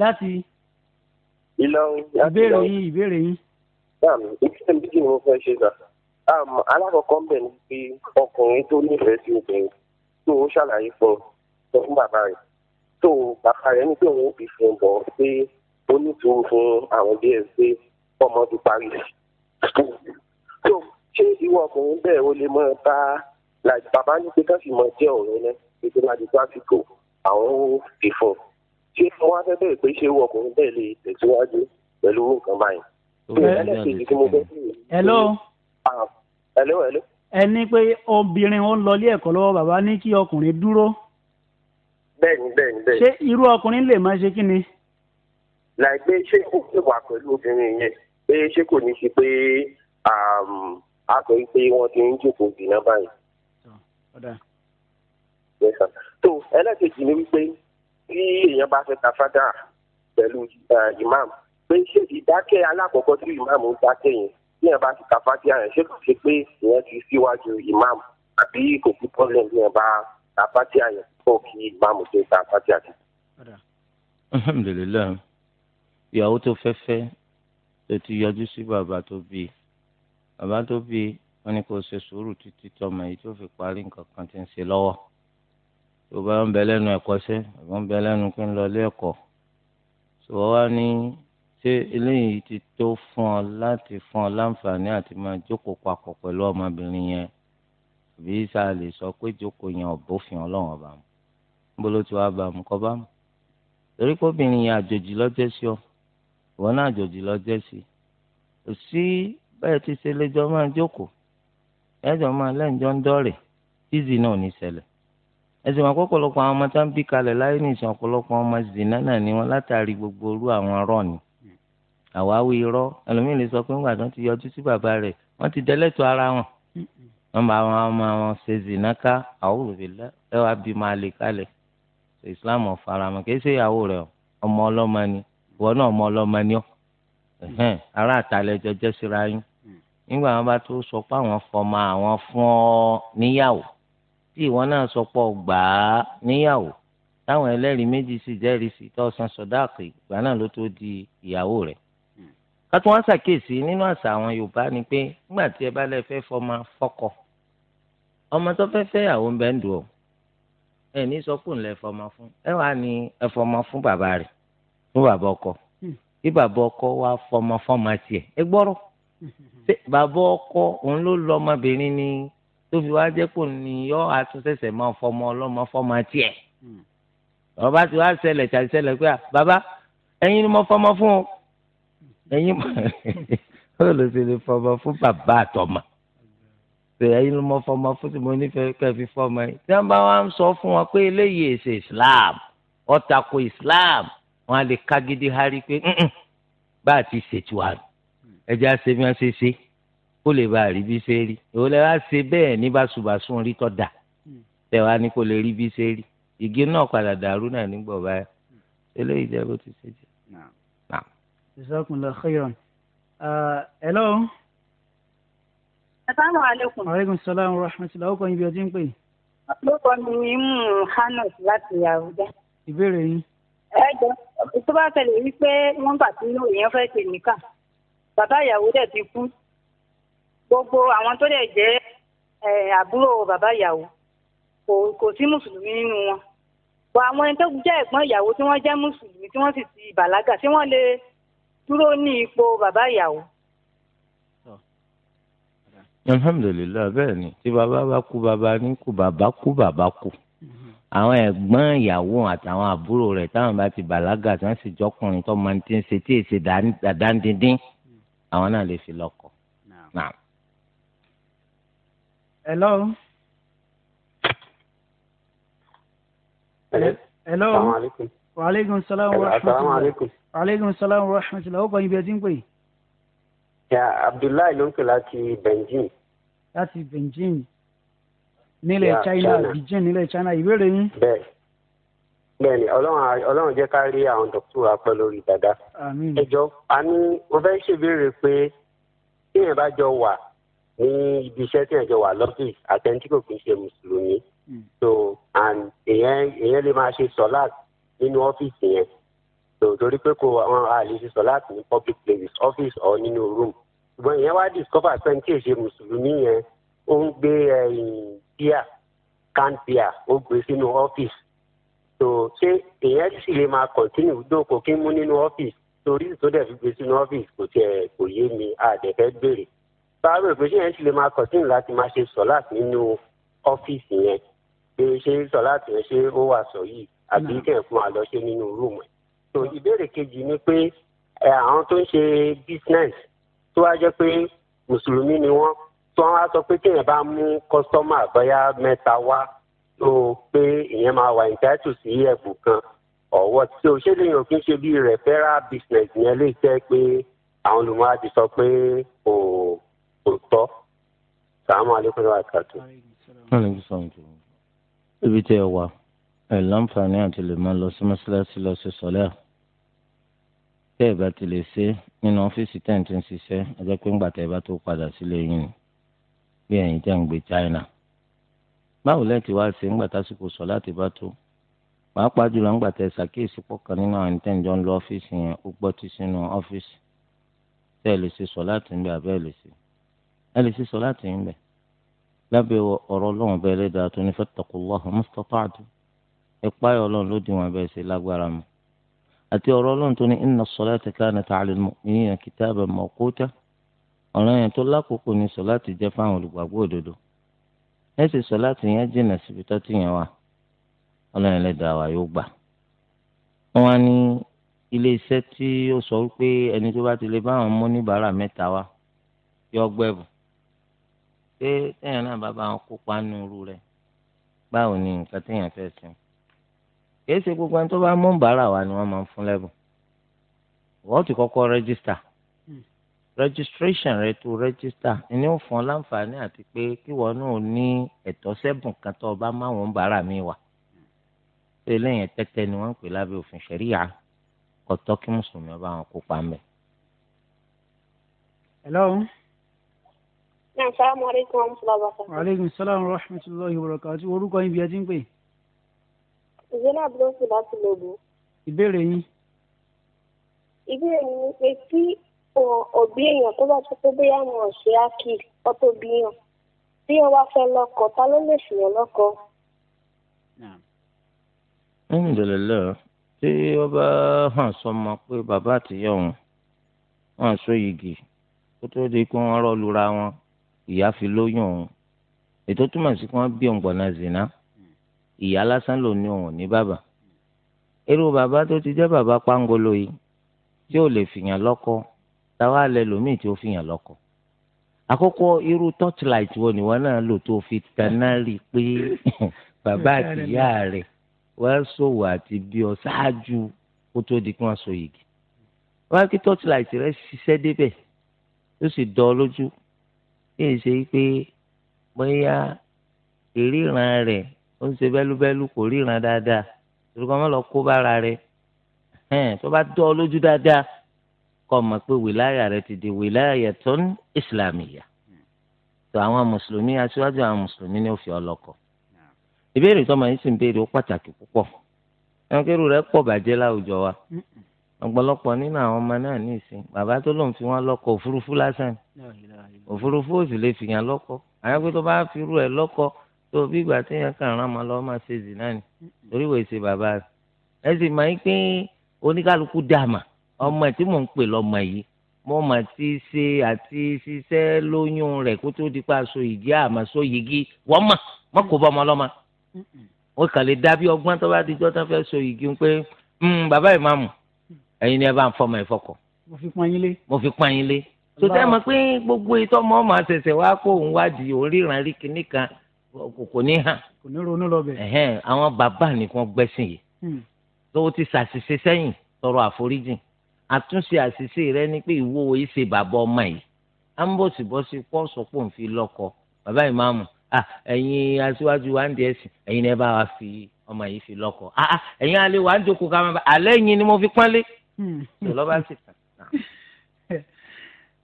láti Ìlọrin sọ. láti. Ìlọrin. ìbéèrè yín ìbéèrè yín. báàmì ìṣe méjì ni mo fẹ́ ṣe sà. alákọ̀ọ́kọ́ ń bẹ̀ ni pé ọkùnrin tó nífẹ̀ẹ́ sí obìnrin tó ṣàlàyé fún un sọ fún bàbá rẹ̀ tó bàbá rẹ̀ ní pé òun ò fi fi ń bọ̀ pé ó ní sùúrù fún àwọn díẹ̀ pé ọmọ ti parí school tó ṣé ìwọ ọkùnrin bẹ́ẹ̀ ó lè mọ bá bàbá ní pé káfí mọ jẹ́ ọ̀rẹ́ náà títí láti tó àsìkò àwọn ò fi fún un ṣé wọn á fẹ́ bẹ̀rẹ̀ pé ṣé ìwọ ọkùnrin bẹ́ẹ̀ lè tẹ̀síwájú pẹ̀lú nǹkan báyìí. Ah, hello. hello hello. ẹni pé obìnrin ó ń lọ ilé ẹ̀kọ́ lọ́wọ́ bàbá ní kí ọkùnrin dúró bẹ́ẹ̀ni bẹ́ẹ̀ni bẹ́ẹ̀ni. ṣé irú ọkùnrin lè máa ṣe kí ni. láìpẹ́ ṣé kò ṣe wà pẹ̀lú obìnrin yẹn pé ṣé kò ní í ṣe pé um, a sọ pé wọ́n ti ń jókòó dìná báyìí. tó ẹlẹ́kejì ni wípé tí èèyàn bá fẹ́ ta fádà pẹ̀lú eh, imam pé ṣé ìdákẹ́ alákọ̀ọ́kọ́ tí imam ń dákẹ́ yẹn tí èèyàn bá ti ta fádà yẹn ṣé kò ṣe pé ìyẹn ti síwájú imam àbí kò fi pọ́lẹ̀ ní ẹ̀ bá ta fádà yẹn before kí ìmáàmù tó ta pátí àti. alhamdulilayi ìyàwó tó fẹ́ fẹ́ tó ti yọjú sí bàbá tó bí bàbá tó bí wọ́n ní kó ṣe sùúrù títí tọmọ yìí tó fi parí nǹkan kan tí ń ṣe lọ́wọ́ tó bá ń bẹ lẹ́nu ẹ̀kọ́ṣẹ́ àbọ̀ ń bẹ lẹ́nu pé ń lọ ilé ẹ̀kọ́ tó wá ní ṣé eléyìí ti tó fún ọ láti fún ọ láǹfààní àti máa jókòó papọ̀ pẹ̀lú ọmọbìnrin yẹn àbí sáà lè sọ pé jókòó yẹn ò bófin ọlọ́run ọba mu bolo tí wàá bá mu kọ́ bá mu torí pé obìnrin yẹn àjòjì lọ́jẹ́ sí ọ ìwọ náà àjòjì lọ́jẹ́ sí kò sí bẹ́ẹ̀ ti ṣe léjọ́ máa jókòó ẹ̀jọ̀ máa lẹ́ǹjọ́ ń dọ́rẹ̀ tíìzì náà ní ṣẹlẹ̀ ẹ̀sìn wọn ọ̀pọ̀lọpọ̀ àwọn ọmọ tá ń bí kalẹ̀ láyé nìṣẹ́ ọ̀pọ̀lọpọ̀ ọmọ zina náà ni wọn látàrí gbogbo orú àwọn ọ̀rọ̀ ni àwáwí irọ́ ẹlòmíín lè sọ pé ńgbà tó ti yọjú sí bàbá rẹ̀ wọ́n ti dẹ́lẹ́tọ̀ ara wọn wọ́n bá àwọn ọmọ wọn ṣe zina ká àwòrán ẹ wàá bí máa kalẹ̀ islam ọ̀faramọ́ kì í ṣe ìyàwó rẹ̀ ọmọ ọlọ́mọ ni ìwọ náà ọmọ ọlọ́mọ ni ọ́ ará àtàlẹ́jọ jẹ́ síra yín nígbà wọn bá tó sọ pé àwọn fọmọ àwọn fún ọ níyàwó tí ìwọ náà sọ pé ọ gbà á níyàwó táwọn ẹlẹ́rìí méjì sì jẹ́rìí sí tó san sọ̀dáàkì ìgbà náà ló tó di ìyàwó rẹ̀ kátó wọn ṣàkíyèsí nínú àṣà àwọn yorùbá ni pé nígbà tí ẹ bá lẹ fẹ́ fọmọ fọkọ ọmọ tó fẹ́ fẹ́ ìyàwó ń bẹ ń dùn ọ́ ẹ ní sọ pé ńlẹ fọmọ fún ẹ wà ní ẹ fọmọ fún bàbá rẹ fún bàbá ọkọ bí hmm. bàbá ọkọ wà fọmọ fọmọ tiẹ̀ ẹ gbọ́rọ̀ hmm. bàbá ọkọ òun ló lọ ọmọbìnrin ni tó fi wá jẹ́ pò ní yọ àtúnṣẹ̀ṣẹ̀ máa fọmọ ọlọ́mọ fọmọ tiẹ̀ ọba tí wàá ṣẹlẹ̀ tàbí ṣẹlẹ̀ pé bàbá ẹ̀yin ni mo fọmọ fún o hmm. ẹ̀yin mo lọ sí lè fọmọ fún bàbá àtọmọ ẹ̀yin ló mọ fọmọ fún tí mo nífẹ̀ẹ́ kẹ́ fi fọmọ yìí tí wọ́n bá wá ń sọ fún wọn pé eléyìí èsè islam ó tako islam wọn á lè kágídí harí pé bá a ti ṣètò àrùn ẹjẹ́ àṣebí wọn ṣe ṣe kó lè bá a rí bí ṣe rí èwo lẹ wá ṣe bẹ́ẹ̀ ní báṣubàṣun rí tọ́ da tẹ wá ní kó lè rí bí ṣe rí igi náà padà dàrú náà nígbà báyà eléyìí jẹ́ bó ti ṣe jẹ́. ṣe sọ́kùnrin lọ xeyọ̀ hello. Assalamu alaikum. Wa alaikum salaam wa rahmatullahi. Ọkọ ibi ọtí ń pè. Lóko ni Imú Hanus láti Àwùjá. Ìbéèrè yín. Ẹ jọ tó bá tẹ̀lé wípé wọ́n gbà tí èèyàn fẹ́ ṣe nìkan. Bàbá ìyàwó dẹ̀ ti kú. Gbogbo àwọn tó dẹ̀ jẹ́ àbúrò bàbá ìyàwó kò sí mùsùlùmí nínú wọn. Bọ̀ àwọn ẹni tó jẹ́ ẹ̀gbọ́n ìyàwó tí wọ́n jẹ́ mùsùlùmí tí wọ́n sì ti bàlágà ṣé wọ́n lè dúró ní ipò bàbá ìyàwó alhamdulilayi bẹ́ẹ̀ ni tí bàbá bá kú bàbá ní kú bàbá kú bàbá kú àwọn ẹ̀gbọ́n ìyàwó àtàwọn àbúrò rẹ̀ táwọn bá ti bàlágà tí wọ́n sì jọkùnrin tó máa ti ń ṣe tí èsì dáńdíndín àwọn náà lè fi lọ́kọ. hello. hello. wa aleykum salaam wa rahmatulah. wa aleykum salaam wa rahmatulah. ó kàn yín bí ẹ ń pè é ya abdullahi ló ń pè láti beijing. láti beijing nílẹ̀ china beijing nílẹ̀ china ìbéèrè yín. bẹ́ẹ̀ bẹ́ẹ̀ ni ọlọ́run ọlọ́run jẹ́ ká rí àwọn dókítà pẹ́ lórí dada. ẹ jọ a ní mo fẹ́ ṣèbéèrè pé tíyẹn bá jọ wà ní ibi iṣẹ́ tíyẹn jọ wà lọ́fíìsì àtẹ̀ntí kò kì í ṣe mùsùlùmí hmm. so and èèyàn lè máa ṣe sọ́láàtì nínú ọ́fíìsì yẹn torí pé kò àwọn àlè ṣe sọ láti ní public places office or nínú room ṣùgbọ́n ìyẹn wá discover pé ní tí èsè mùsùlùmí yẹn ó ń gbé bíà can bíà ó gbé sínú office So, ṣé èèyàn sì lè máa continue dóko kí mú nínú office torí tó dẹ̀ fi gbé sínú office kò tiẹ̀ kò yé mi àdẹ̀fẹ́ gbèrè báwo ìpè ṣé èèyàn sì lè máa continue láti máa ṣe sọ láti nínú office yẹn pé ṣé sọ láti yẹn ṣé ó wà sọ yìí àbí kẹ̀ fún wa lọ ṣe nínú rúùmù ẹ̀ so ìbéèrè kejì ni pé àwọn tó ń ṣe business tó wá jẹ́ pé mùsùlùmí ni wọ́n tó wọ́n á sọ pé kéèyàn bá mú kọ́sítọ́mà bóyá mẹ́ta wá tó pé ìyẹn máa wà entitled sí ẹ̀bùn kan ọ̀wọ́ tí o ṣe lèyàn kí n ṣe bí referral business yẹn lè jẹ́ pé àwọn olùmọ̀ á ti sọ pé kò kò tọ́ sàmúlò àlékún náà kàtó. ibi tí ẹ wà ẹ láǹfààní àti lè máa lọ sí mọ́ṣáláṣí lọ sí sọ́lá tẹ́ ẹ bá ti lè ṣe nínú ọ́fíìsì tẹ́ǹtì ń ṣiṣẹ́ ẹjẹ́ pé ńgbà tẹ́ ẹ bá tó padà sílé yín bí ẹ̀yin tẹ́ ń gbé China báwo lẹ́ẹ̀tì wá ṣe ńgbà tásìkò sọ́lá ti bá tó pàápàá jùlọ ńgbà tẹ́ ẹ ṣàkíyèsí pọ̀ kan nínú àwọn tẹ́ǹjọ́ ń lọ ọ́fíìsì yẹn ó gbọ́ tí sínú ọ́fíìsì tẹ́ ẹ lè ṣe sọ́lá tì ń ìpáyọ̀ ọlọ́run ló di wọn bẹ́ẹ̀ ṣe lágbára mu àti ọ̀rọ̀ ọlọ́run tó ní inna as-salata kanat 'ala al-mu'minina kitaban mawquta ọ̀ràn yẹn tó lákòókò ní sọ̀láàtì jẹ́ fáwọn olùgbàgbọ́ òdodo ẹ sì sọ̀láàtì yẹn jìnnà síbi tọ́tì yẹn wà ọlọ́run ẹlẹ́dàá wa yóò gbà. wọ́n wá ní ilé iṣẹ́ tí ó sọ pé ẹni tó bá ti lè bá àwọn mọ́níbàárà mẹ́ta wá yọ gbẹ́bù pé kì í ṣe gbogbo ẹni tó bá mú bàárà wa ni wọ́n máa ń fún lẹ́bùn wọ́n ti kọ́kọ́ rẹ́gísítà hmm. registration rẹ tó register ni ó fún ọ láǹfààní àti pé kí wọn náà ní ẹ̀tọ́ sẹ́bùn kan tó ọba máwọn ń bára mi wà ṣé lẹ́yìn tẹ́tẹ́ ni wọ́n ń pè lábẹ́ òfin ṣẹ̀ríyà ọ̀tọ̀ kí mùsùlùmí ọba wọn kópa ń hello. naam salaamaleykum wa rahmatulahi wa barakatuh. waaleykum salaam wa rahmatulahi zainab ló sì láti lò bù. ìbéèrè yín. ìbéèrè mi ni pé tí òbí èèyàn tó bá tó pé bóyá wọn ò ṣe á kì ọ tó bí yàn bí wọn wá fẹ́ lọ́kọ ta ló lè ṣèyàn lọ́kọ. alhamdulillah tí ọba hàn sọmọ pé bàbá àtìyá òun wọn sọ yìgì kó tó di pé wọn rọ lura wọn ìyá fi lóyún òun ètò túmọ̀ sí pé wọn bí òǹgbọ̀nà zina ìyá lásán ló ní òun ní bàbá irú bàbá tó ti jẹ́ bàbá pangolo yìí tí ò lè fìyàn lọ́kọ táwa lẹ lòmíì tí ó fìyàn lọ́kọ àkókò irú torchlight wo ni wọn náà lò tó fi tanná pé (laughs) bàbá àti ìyá rẹ̀ wọ́n ṣòwò àti bí ọ ṣáájú kó tó di kí wọ́n so yìgì wọ́n á kí torchlight rẹ̀ ṣiṣẹ́ débẹ̀ ó sì dán ọ lójú kí n ṣe pé bóyá ìríran rẹ̀ ó ń ṣe bẹ́lúbẹ́lú kò ríran dáadáa torúkọ mọ́ lọ kó bára rẹ tó bá tọ́ ọ lójú dáadáa kọ́ mọ̀ pé wìláyà rẹ ti di wìláyà tó ń ìsìlámìyà tó àwọn mùsùlùmí aṣíwájú àwọn mùsùlùmí ni ó fi ọlọ́kọ̀ ìbéèrè tó máa ń sìn béèrè ó pàtàkì púpọ̀ ẹnu kérò rẹ pọ̀ bàjẹ́ láwùjọ wa ọ̀pọ̀lọpọ̀ nínú àwọn ọmọ náà ní ìsìn bàbá tó lòun fi wọn lọ́kọ òfurufú lásán òfurufú ò sì lè fìyàn lọ́kọ àyànfẹ́ tó bá fi irú ẹ̀ lọ́kọ tó bí ìgbà tí yẹn kàn rán ọmọ lọ́wọ́ máa ṣe zìnnà ni torí wòye ṣe bàbá rẹ̀ ẹ sì máa ń pín oníkálukú dàmà ọmọ tí mò ń pè lọ́mọ yìí mo mà ti ṣe àti ṣiṣẹ́ lóyún rẹ̀ kó tó di pa aṣọ ìdí àmà sọ yìgì wọ́n mà wọ́n kò bọ́ ọmọ lọ́mọ. wọ́n kàn lè dábí ọgbọ́n tó bá di jọ́ tó fẹ́ sọ yìgì ń pé hmm, bàbá ìmáàmù ẹ̀yin ni ẹ bá ń fọmọ ìfọkọ̀. mo fi pọ́n yín lé. mo fi pọ́n yín lé. tòtẹ́ mọ̀ pé gbogbo ìtọ́mọ́ ọmọ àṣẹ̀ṣẹ̀ wá kó òun wádìí òun ríran rí kinní kan kò ní hàn. kò ní ronú lọ bẹ́ẹ̀. àwọn bàbá nìkan gbẹ́sìn yìí. tó hmm. ti ṣàṣìṣe sẹ́yìn tọrọ àforíjì àtúnṣe àṣìṣe rẹ ni pé ìwọ òye ṣe bàbá ọmọ yìí à ń bọ̀sibọ́sí pọ́ sọ́pọ̀ ń fi lọ́kọ bàbá ìmáàmù ẹ̀yin aṣíwájú wa ń di ẹ̀sìn ẹ̀yin ẹ bá wa fi ọmọ yìí fi lọ́kọ ẹ̀yin alẹ́ wa ń jókòó ká máa bá alẹ́ yín ni mo fi pọ́nlé hmm. lọ́ba sì tàn. (laughs)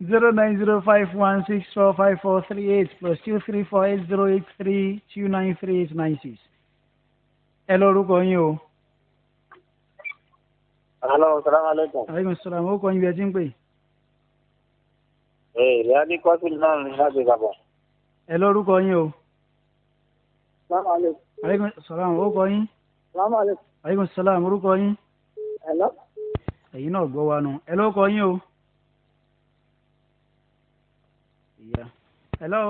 zero nine zero five one six four five four three eight plus two three four eight zero eight three two nine three eight nine six. ẹ lọ orúkọ yín o. alo salaamaleykum. aleykum salaam o kò yín bí ẹ ti ń pè. ee ìyá ní kọ́sìlì náà ní láti ìgbàgbọ́. ẹ lọ orúkọ yín o. salaamaleykum. aleykum salaam o kò yín. salaamaleykum. aleykum salaam orúkọ yín. ẹ lọ. ẹ̀yin náà gbọ́ wa nù ẹ lọ́kọ yín o. hello.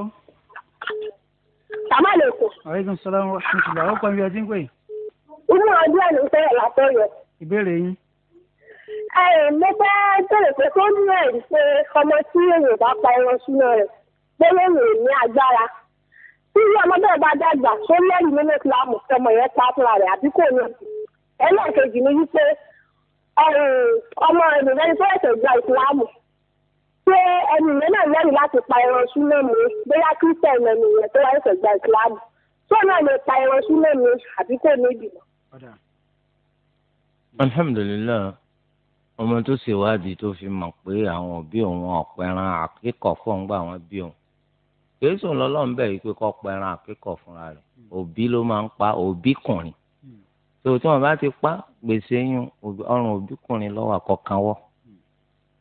sàmàlẹ́kùn. aleykum salaam wa rahmatulah ó kọ́ mi ọdún pé. inú ọdún ẹ̀ ló ń fẹ́rẹ̀ látọ̀ yọ. ìbéèrè yín. ẹ ẹ mo fẹ́ bẹ̀rẹ̀ pé tó ní ẹ̀rí pé ọmọ tí èèyàn bá pa ẹran sínú rẹ̀ pé èèyàn ní agbára tí ilé ọmọ náà bá dàgbà tó lẹ́yìn nínú ìsìlámù ọmọ yẹn ta fúnra rẹ̀ àbí kò ní ẹlẹ́ẹ̀kejì ni wípé ọmọ ènìyàn tó ẹ̀sẹ̀ gba ìsìlámù pé ẹni ìyẹn náà lẹ́yìn láti pa ẹran súnmọ́ mi bóyá kírísítẹ̀n ẹni ìyẹn tó wáyé fẹ̀gbà ìkìláàbù tó náà lè pa ẹran súnmọ́ mi àbí kò ní alhamdulilayi ọmọ tó ṣèwádìí tó fi mọ̀ pé àwọn òbí òun ọ̀pẹ̀ran àkíkọ̀ fún gbà wọ́n bí òun kèésùn lọ́lọ́run bẹ̀ yìí pé kọ́ pẹ̀ran àkíkọ̀ fúnra rẹ̀ hmm. òbí ló máa ń pa òbí kùnrin tó hmm. tí wọ́n bá ti pa gbèsè yún ọrùn òbí kùnrin lọ́wọ́ àkọ́kànwọ́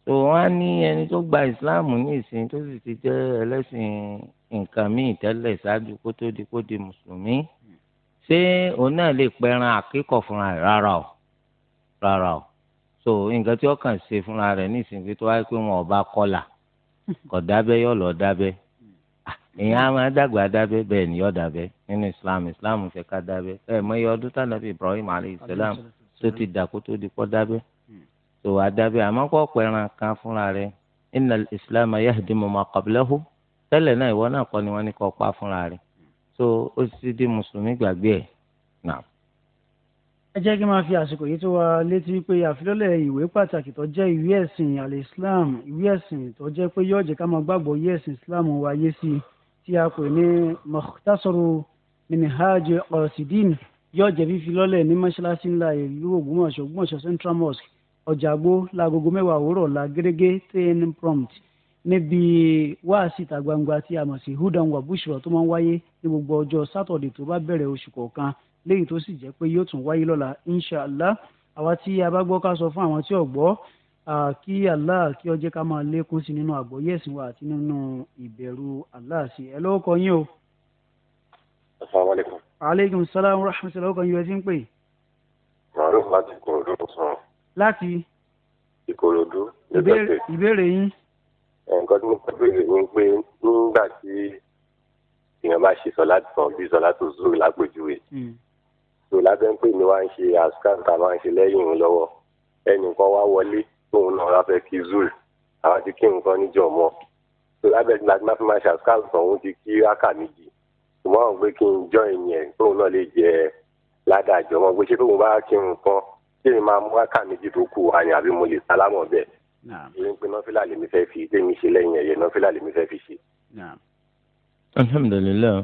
tó wọn á ní ẹni tó gba islam ní ìsìn tó sì ti jẹ́ ẹlẹ́sìn nǹkan míì tẹ́lẹ̀ ṣáájú kó tó di kó di mùsùlùmí ṣé òun náà lè pẹran àkíkọ̀ fúnra rẹ̀ rárá o rárá o so nǹkan tí ọkàn ṣe fúnra rẹ̀ ní ìsìn pé tó wáyé pé wọn ò bá kọlà kò dábẹ́ yóò lọ dábẹ́ ìyẹn a máa dàgbà dábẹ́ bẹ́ẹ̀ ni yóò dábẹ́ nínú islam islam fẹ́ ká dábẹ́ ẹ mọ iye ọdún tánàbí ibrahim alayhi salam tó ti dà kó tó di kó dábẹ́ tó àdàbẹ àmọ́ kọ pẹran kan fúnra rẹ̀ innal islam yahdimu ma qablahu tẹ́lẹ̀ náà ìwọ náà kọ́ ni wọ́n ní kọ pa fúnra rẹ̀ tó ó sì di mùsùlùmí gbàgbé ẹ̀ náà. ẹ jẹ́ kí n máa fi àsìkò yìí tó wa létí pé àfilọ́lẹ̀ ìwé pàtàkì tó jẹ́ ìwé ẹ̀sìn al-islam ìwé ẹ̀sìn tó jẹ́ pé yóò jẹ́ ká máa gbàgbọ́ ìwé ẹ̀sìn islam wa yé sí i tí a pè ní mukhtasaru minhaj qasidin yóò jẹ́ fífi lọ́lẹ̀ ní mọ́ṣáláṣí ńlá ìlú ògbómọ̀ṣọ́ ògbómọ̀ṣọ́ central mosque ọ̀jàgbó lágogo mẹ́wàá òwúrọ̀ la gẹ́gẹ́ ten prompt níbi wáàsí ìta gbangba tí a mọ̀ sí hudan wa bushra tó máa ń wáyé ní gbogbo ọjọ́ sátọ̀dẹ̀ tó bá bẹ̀rẹ̀ oṣù kọ̀ọ̀kan léyìí tó sì jẹ́ pé yóò tún wáyé lọ́la inshallah àwa tí a bá gbọ́ ká sọ fún àwọn tí ò gbọ́ kí allah kí ó jẹ́ ká máa lékún sí nínú àgbọ́yé ẹ̀sìn wa àti nínú ìbẹ̀rù allah sí ẹ lọ́wọ́ kọ yín o. asalaamualeykum. aleykum salaam wa rahmatulah ọkàn yóò ti ń pè. màálù láti kúrò lóòótọ́ láti. ìkòròdú lẹ́gbẹ̀ẹ́ ìbéèrè yín. nǹkan tí mo fẹ́ béèrè ni pé nígbà tí èèyàn bá ṣe sọlá kan bíi sọlá tó zúrù lápèjúwe hmm. sọlá tó ń pè ní wá ń ṣe àṣkàn tá a máa ń ṣe lẹ́yìn òun lọ́wọ́ ẹnìkan wá wọlé tóun náà wá fẹ́ kí zúrù àwọn ti kí nǹkan níjọ mọ́ sọlá bẹ́ẹ̀ ni láti má fi máa ṣe àṣkàn òun ti kí rákà méjì ṣùgbọ́n àwọn pé kí n jọ ìyẹn tóun náà lè jẹ ládàjọ́ mọ́ pé tóun bá kí nǹkan ṣé mi máa mú wákà méjì tó kù wá ni àbí mo lè sálámọ̀ bẹ́ẹ̀ ìwé ń pe nọ́fìlà lèmi fẹ́ fi tèmi ṣe lẹ́yìn ẹ̀yẹ nọ́fìlà lèmi fẹ́ fi ṣe. alhamdulilayi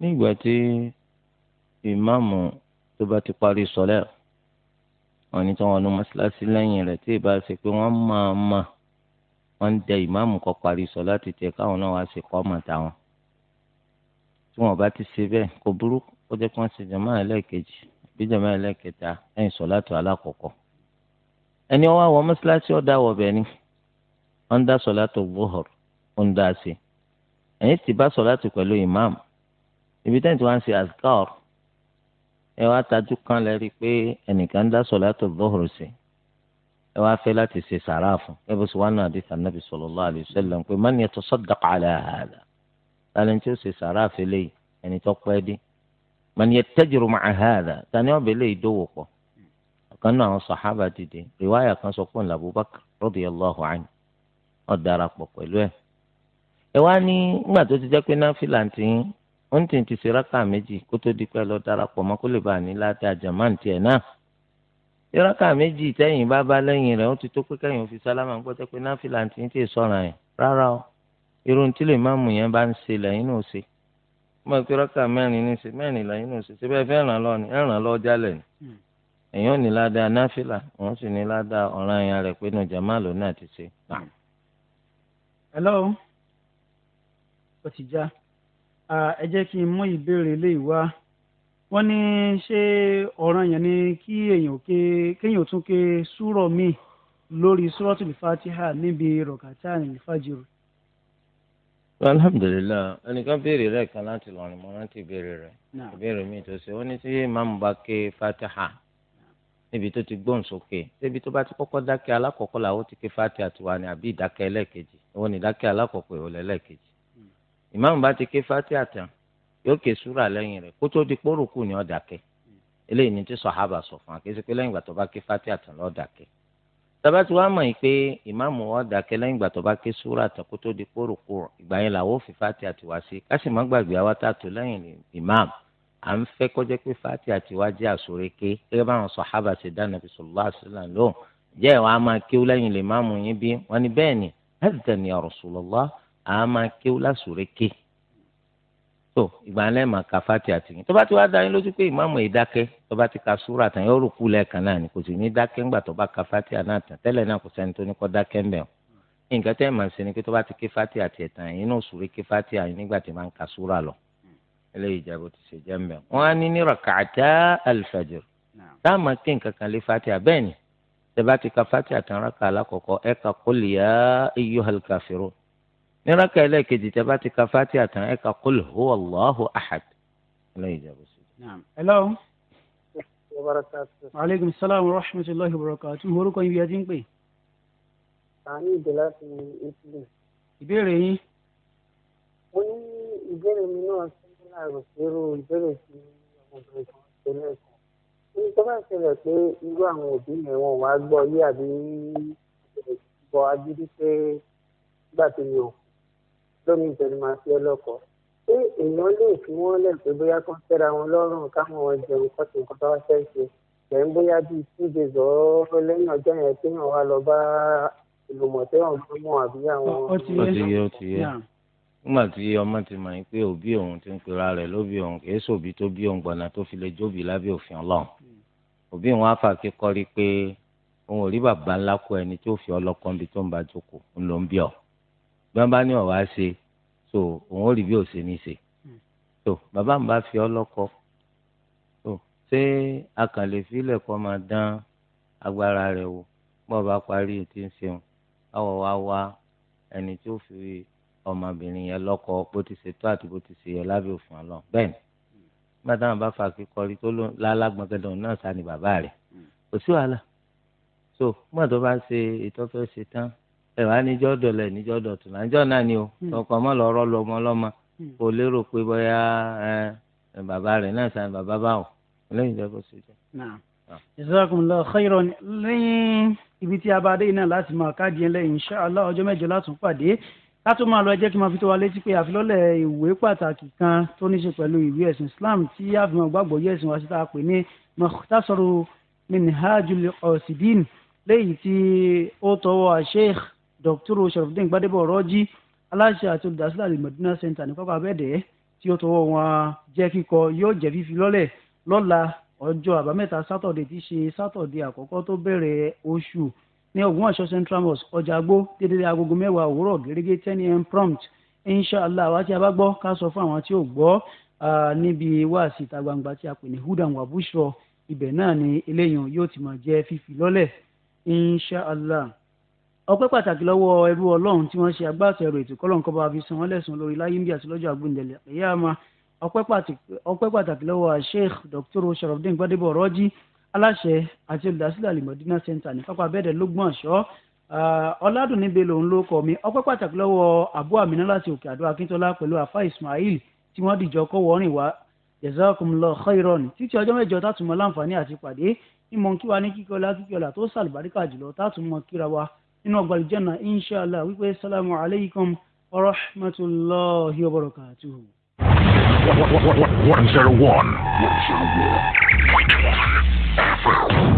ní ìgbà tí ìmáàmù tó bá ti parí sọlẹ wọn ní tí wọn nu mọ́ṣáláṣí lẹ́yìn tí ìbá ṣe pé wọ́n máa ma wọ́n dẹ ìmáàmù kó parí sọ láti tẹ káwọn náà wá ṣe kọ́ ọmọ táwọn tí wọn bá ti ṣe bẹ́ẹ̀ kò burú ó jẹ́ kí wọ́n ṣe jàmáà ẹlẹ́ẹ̀kejì bí jama ẹlẹ́kẹta ẹ̀yìn sọ̀láàtù alákọ̀ọ́kọ́ ẹni ọwọ́ àwọn mọ́sálásí ọ̀dà wọ̀bẹ̀ ni wọ́n ń dá sọ̀láàtù bọ́họ̀r ó ń dá sí ẹ̀yìn ti bá sọ̀láàtù pẹ̀lú imam ibi tẹ́ǹtì wá ń ṣe azkar ẹ wá tajú kan lẹ́rìí pé ẹnìkan ń dá sọ̀láàtù bọ́họ̀r sí ẹ wá fẹ́ láti ṣe sàrà fún ẹ bó ṣe wá náà àdìsá nàbì sallallahu alaihi wasallam pé man yatasaddaq ala hada mana ya ma'a hadha tani ọbẹ̀ lè dówó pọ̀ ọ̀kan náà àwọn sàhábà dìde rìwáyà kan sọ fún làbúbákà radiyallahu anhu ọ̀ darapọ̀ pẹ̀lú ẹ̀. ẹ wá ní nígbà tó ti jẹ́ pé náfìlà ti ń ó ń tì ti ṣe rákà méjì kó tó di lọ láti àjàmá náà. méjì bá bá ó ti tó pé kẹ́yìn òfin sálámà ń gbọ́dọ̀ pé náfìlà ti ń tì máa pe rákà mẹ́rin ní ṣe mẹ́rin lẹ́yìn náà ṣe ṣe bẹ́ẹ̀ fẹ́ ràn lọ ni ràn lọ jálẹ̀ ni èèyàn hmm. ní ládàá náfìlà wọ́n sì ní ládàá ọ̀ràn ẹ̀yà rẹ̀ pé nàjà má lòun náà ti ṣe. hello ó ti já ẹ jẹ́ kí n mú ìbéèrè eléyìí wá wọ́n ní ṣé ọ̀ràn yẹn ni kí ké tún ké súrọ̀ míì lórí níbi rọ̀kàtà alhamdulilayi ẹnìkan béèrè lẹ́ẹ̀kan láti lọ́rin mọ́ láti béèrè rẹ̀ ìbéèrè mi tó ṣe ó ní sí ìmáàmù bá fatiha níbi tó ti gbóhùn sókè débi tó bá ti kọ́kọ́ dákẹ́ alákọ̀ọ́kọ́ làwọn ti ké fatiha tiwa ni àbí ìdákẹ́ ẹlẹ́ẹ̀kejì òun ni ìdákẹ́ alákọ̀ọ́kọ́ ìwọlẹ̀ ẹlẹ́ẹ̀kejì ìmáàmù bá ti ké fatiha tán yóò ké lẹ́yìn rẹ̀ kó tó di pórùkù ni ó hmm. eléyìí ni tí sọ fún sábà tí wàá mọ̀ yìí pé ìmáàmù ọ̀dàkẹ́ lẹ́yìn ìgbà tó bá ké súrà àtàkó tó di kóròkó ìgbà yẹn làwọn òfin fati àtiwá sí kásì má gbàgbé àwa tá a tó lẹ́yìn ìmáàmù à ń fẹ́ kọjá pé fati àtiwá jẹ́ àsòréké gẹ́gẹ́ báwọn sàhábà ṣe dá Nàbí sallallahu alaihi lóhùn jẹ́ ìwà á máa kéwú lẹ́yìn lè máàmù yín bí wọ́n ní bẹ́ẹ̀ ni láti tẹ̀ ní Rasulullah á máa kéwú lásòréké tó ìgbà ńlẹ mà ká fati àtìyìn tó bá ti wá dá yín lójú pé ìmáàmù yìí dákẹ́ tó bá ti ka súrà tán yóò rúkú lẹ́ẹ̀kan náà ni kò sì ní dákẹ́ ńgbà tó bá ka fati náà tán tẹ́lẹ̀ náà kò sẹ́ni tó ní kọ́ dákẹ́ ńbẹ̀ o nǹkan tẹ́ ẹ̀ máa ń ṣe ni pé tó bá ti ké fati àti ẹ̀tàn yìí náà sùúrù ké fati àyìn nígbà tí máa ń ka súrà lọ eléyìí ìjà bó ti ṣe jẹ́ ńbẹ̀ wọ́n á ní ní rakata alifajir táàmù ké fati àbẹ́ẹ̀ni tẹ́ bá fati àtàn rákà alákọ̀ọ́kọ́ ẹ̀ ka kólìyà iyuhal kafirun ní rákà ẹlẹ́ẹ̀kejì tẹ́ bá ti ka fati àtàn ẹ̀ ká kul huwa Allahu ahad lẹ́yìn ìjọba sí. hello. aleykum salaam wa rahmatulahi wa barakatuh orúkọ ibi ẹtí ń pè. àní ìdè láti italy. ìbéèrè yín. mo ní ìbéèrè mi náà sínú àrò zero ìbéèrè sí ọmọbìnrin kan tẹ́lẹ̀ kan. ní tó ṣẹlẹ̀ pé irú àwọn òbí mi wọn wàá gbọ́ yé àbí gbọ́ agídí pé gbàtẹ́ mi ò lómi ìjọba àti ọlọ́kọ ṣé èèyàn lè fi wọ́n lẹ̀ pé bóyá kan tẹ́ra wọn lọ́rùn káwọn wọn jẹun kọ́tù nǹkan tó wá fẹ́ ṣe ṣẹ̀ ń bóyá bíi tíjẹ zọ́ọ́ lẹ́yìn ọjọ́ yẹn tí wọ́n wá lọ bá ìlòmọ̀tẹ́ ọ̀hún mọ́ àbí àwọn. ó ti yé ó ti yé nígbà tí ọmọ ti mọ̀ pé òbí òun ti ń pera rẹ̀ lóbi òun kì sòbí tó bí òun gbọ̀nà tó fi lè jóbi lábẹ́ òfin ọlọ́run hmm. òbí òun á fà kíkọ́rí pé òun ò rí bàbá ńlá kó ẹni tó fi ọlọ́kọ́ níbi tó ń bá jókòó ń ń bí ọ̀ gbọ́nba ní ọ̀wá ṣe so òun ò rí bí òṣè ní ṣe hmm. so bàbá mi bá fi ọ lọ́kọ so ṣé akànlè fílẹ̀ kọ́ máa dán agbára rẹ̀ wò bọ́ọ̀ bá parí ti ń ṣeun báwo wá wá ẹni tí ó fi ọmọbìnrin yẹn lọ́kọ bó ti ṣe tó àti bó ti ṣe yẹ lábẹ́ òfin ọlọ́run bẹ́ẹ̀ ni nígbà táwọn bá fa kíkọrí tó lálágbọ́n gẹ́gẹ́ náà sá ni bàbá rẹ̀ hmm. kò sí wàhálà so nígbà tó bá ṣe ètò ṣe tán ẹ wá níjọ́ dọ̀lẹ̀ níjọ́ dọ̀tún láńjọ́ náà ni o hmm. ọkọ ọmọ lọ́rọ́ lu ọmọ ọlọ́mọ hmm. kò lérò pé bóyá bàbá rẹ̀ náà sàn bàbá báwò lẹ́yìn ìjọba ṣe jẹ́. Ah. jazakumullahu khairan lẹ́yìn ibi tí a bá dé iná láti máa káàdì ẹ̀ lẹ́yìn insha ọjọ́ mẹ́jọ látún pàdé látó máa lọ jẹ́ kí n máa fi tó wa létí pé àfilọ́lẹ̀ ìwé pàtàkì kan tó ní ṣe pẹ̀lú ìwé ẹ̀sìn Islam tí àfihàn gbàgbọ́ yẹ̀ ẹ̀sìn wa sí ta pè ní Mukhtasaru Minhajul Qasidin léyìí tí ó tọwọ́ Sheikh dr sharafdin gbadebo rọjí aláṣẹ àti olùdásílẹ̀ alimọ̀dúnà center ní pápá abẹ́ẹ̀dẹ́ tí ó tọwọ́ wọn jẹ́ kíkọ yóò jẹ́ fífi lọ́lẹ̀ lọ́la ọjọ́ àbámẹ́ta sátọ̀dé tí ṣe sátọ̀dé àkọ́kọ́ tó bẹ̀rẹ̀ oṣù ní Ògbómọ̀ṣọ́ central mosque ọjà àgbó dédé agogo mẹ́wàá òwúrọ̀ gẹ́gẹ́ ten am prompt inshallah àwa tí a bá gbọ́ ká sọ fún àwọn tí ò gbọ́ níbi wáàsí ìta gbangba tí a pè ní hudan wabushọ ibẹ̀ náà ni eléyìí yóò ti máa jẹ́ fífi lọ́lẹ̀ inshallah ọpẹ́ pàtàkì lọ́wọ́ ẹrú ọlọ́run tí wọ́n ṣe agbátẹrù ètò kọ́lọ́n kọ́ bá fi san wọ́n lẹ́sùn lórí láyé bí àti lọ́jọ́ àgbéǹdẹ̀lẹ̀ àyàmá ọpẹ́ pàtàkì lọ́wọ́ sheikh dr sharafdin gbadebo rọ́jí aláṣẹ àti olùdásílẹ̀ alimọ̀dínà center ní pápá abẹ́ẹ̀dẹ̀ lógún ọ̀ṣọ́ ah, ọ̀làdùnní bẹ́ẹ̀ lòun ló kọ́ mi ọpẹ́ pàtàkì lọ́wọ́ abu amina láti òkè àdó akíntola pẹ̀lú afa ismail tí wọ́n dìjọ kọ́ wọ́rìn wá jazakumullahu khairan títí ọjọ́ mẹ́jọ tátùmọ̀ láǹfààní àti pàdé mímọ̀ kí wa ní kíkọ́lá kíkọ́lá nínú ọgbà ìjọ́nà inshàlá wípé sálámù alaykum wa rahmatulahi wa barakatuhu. one zero one. one zero one. point one.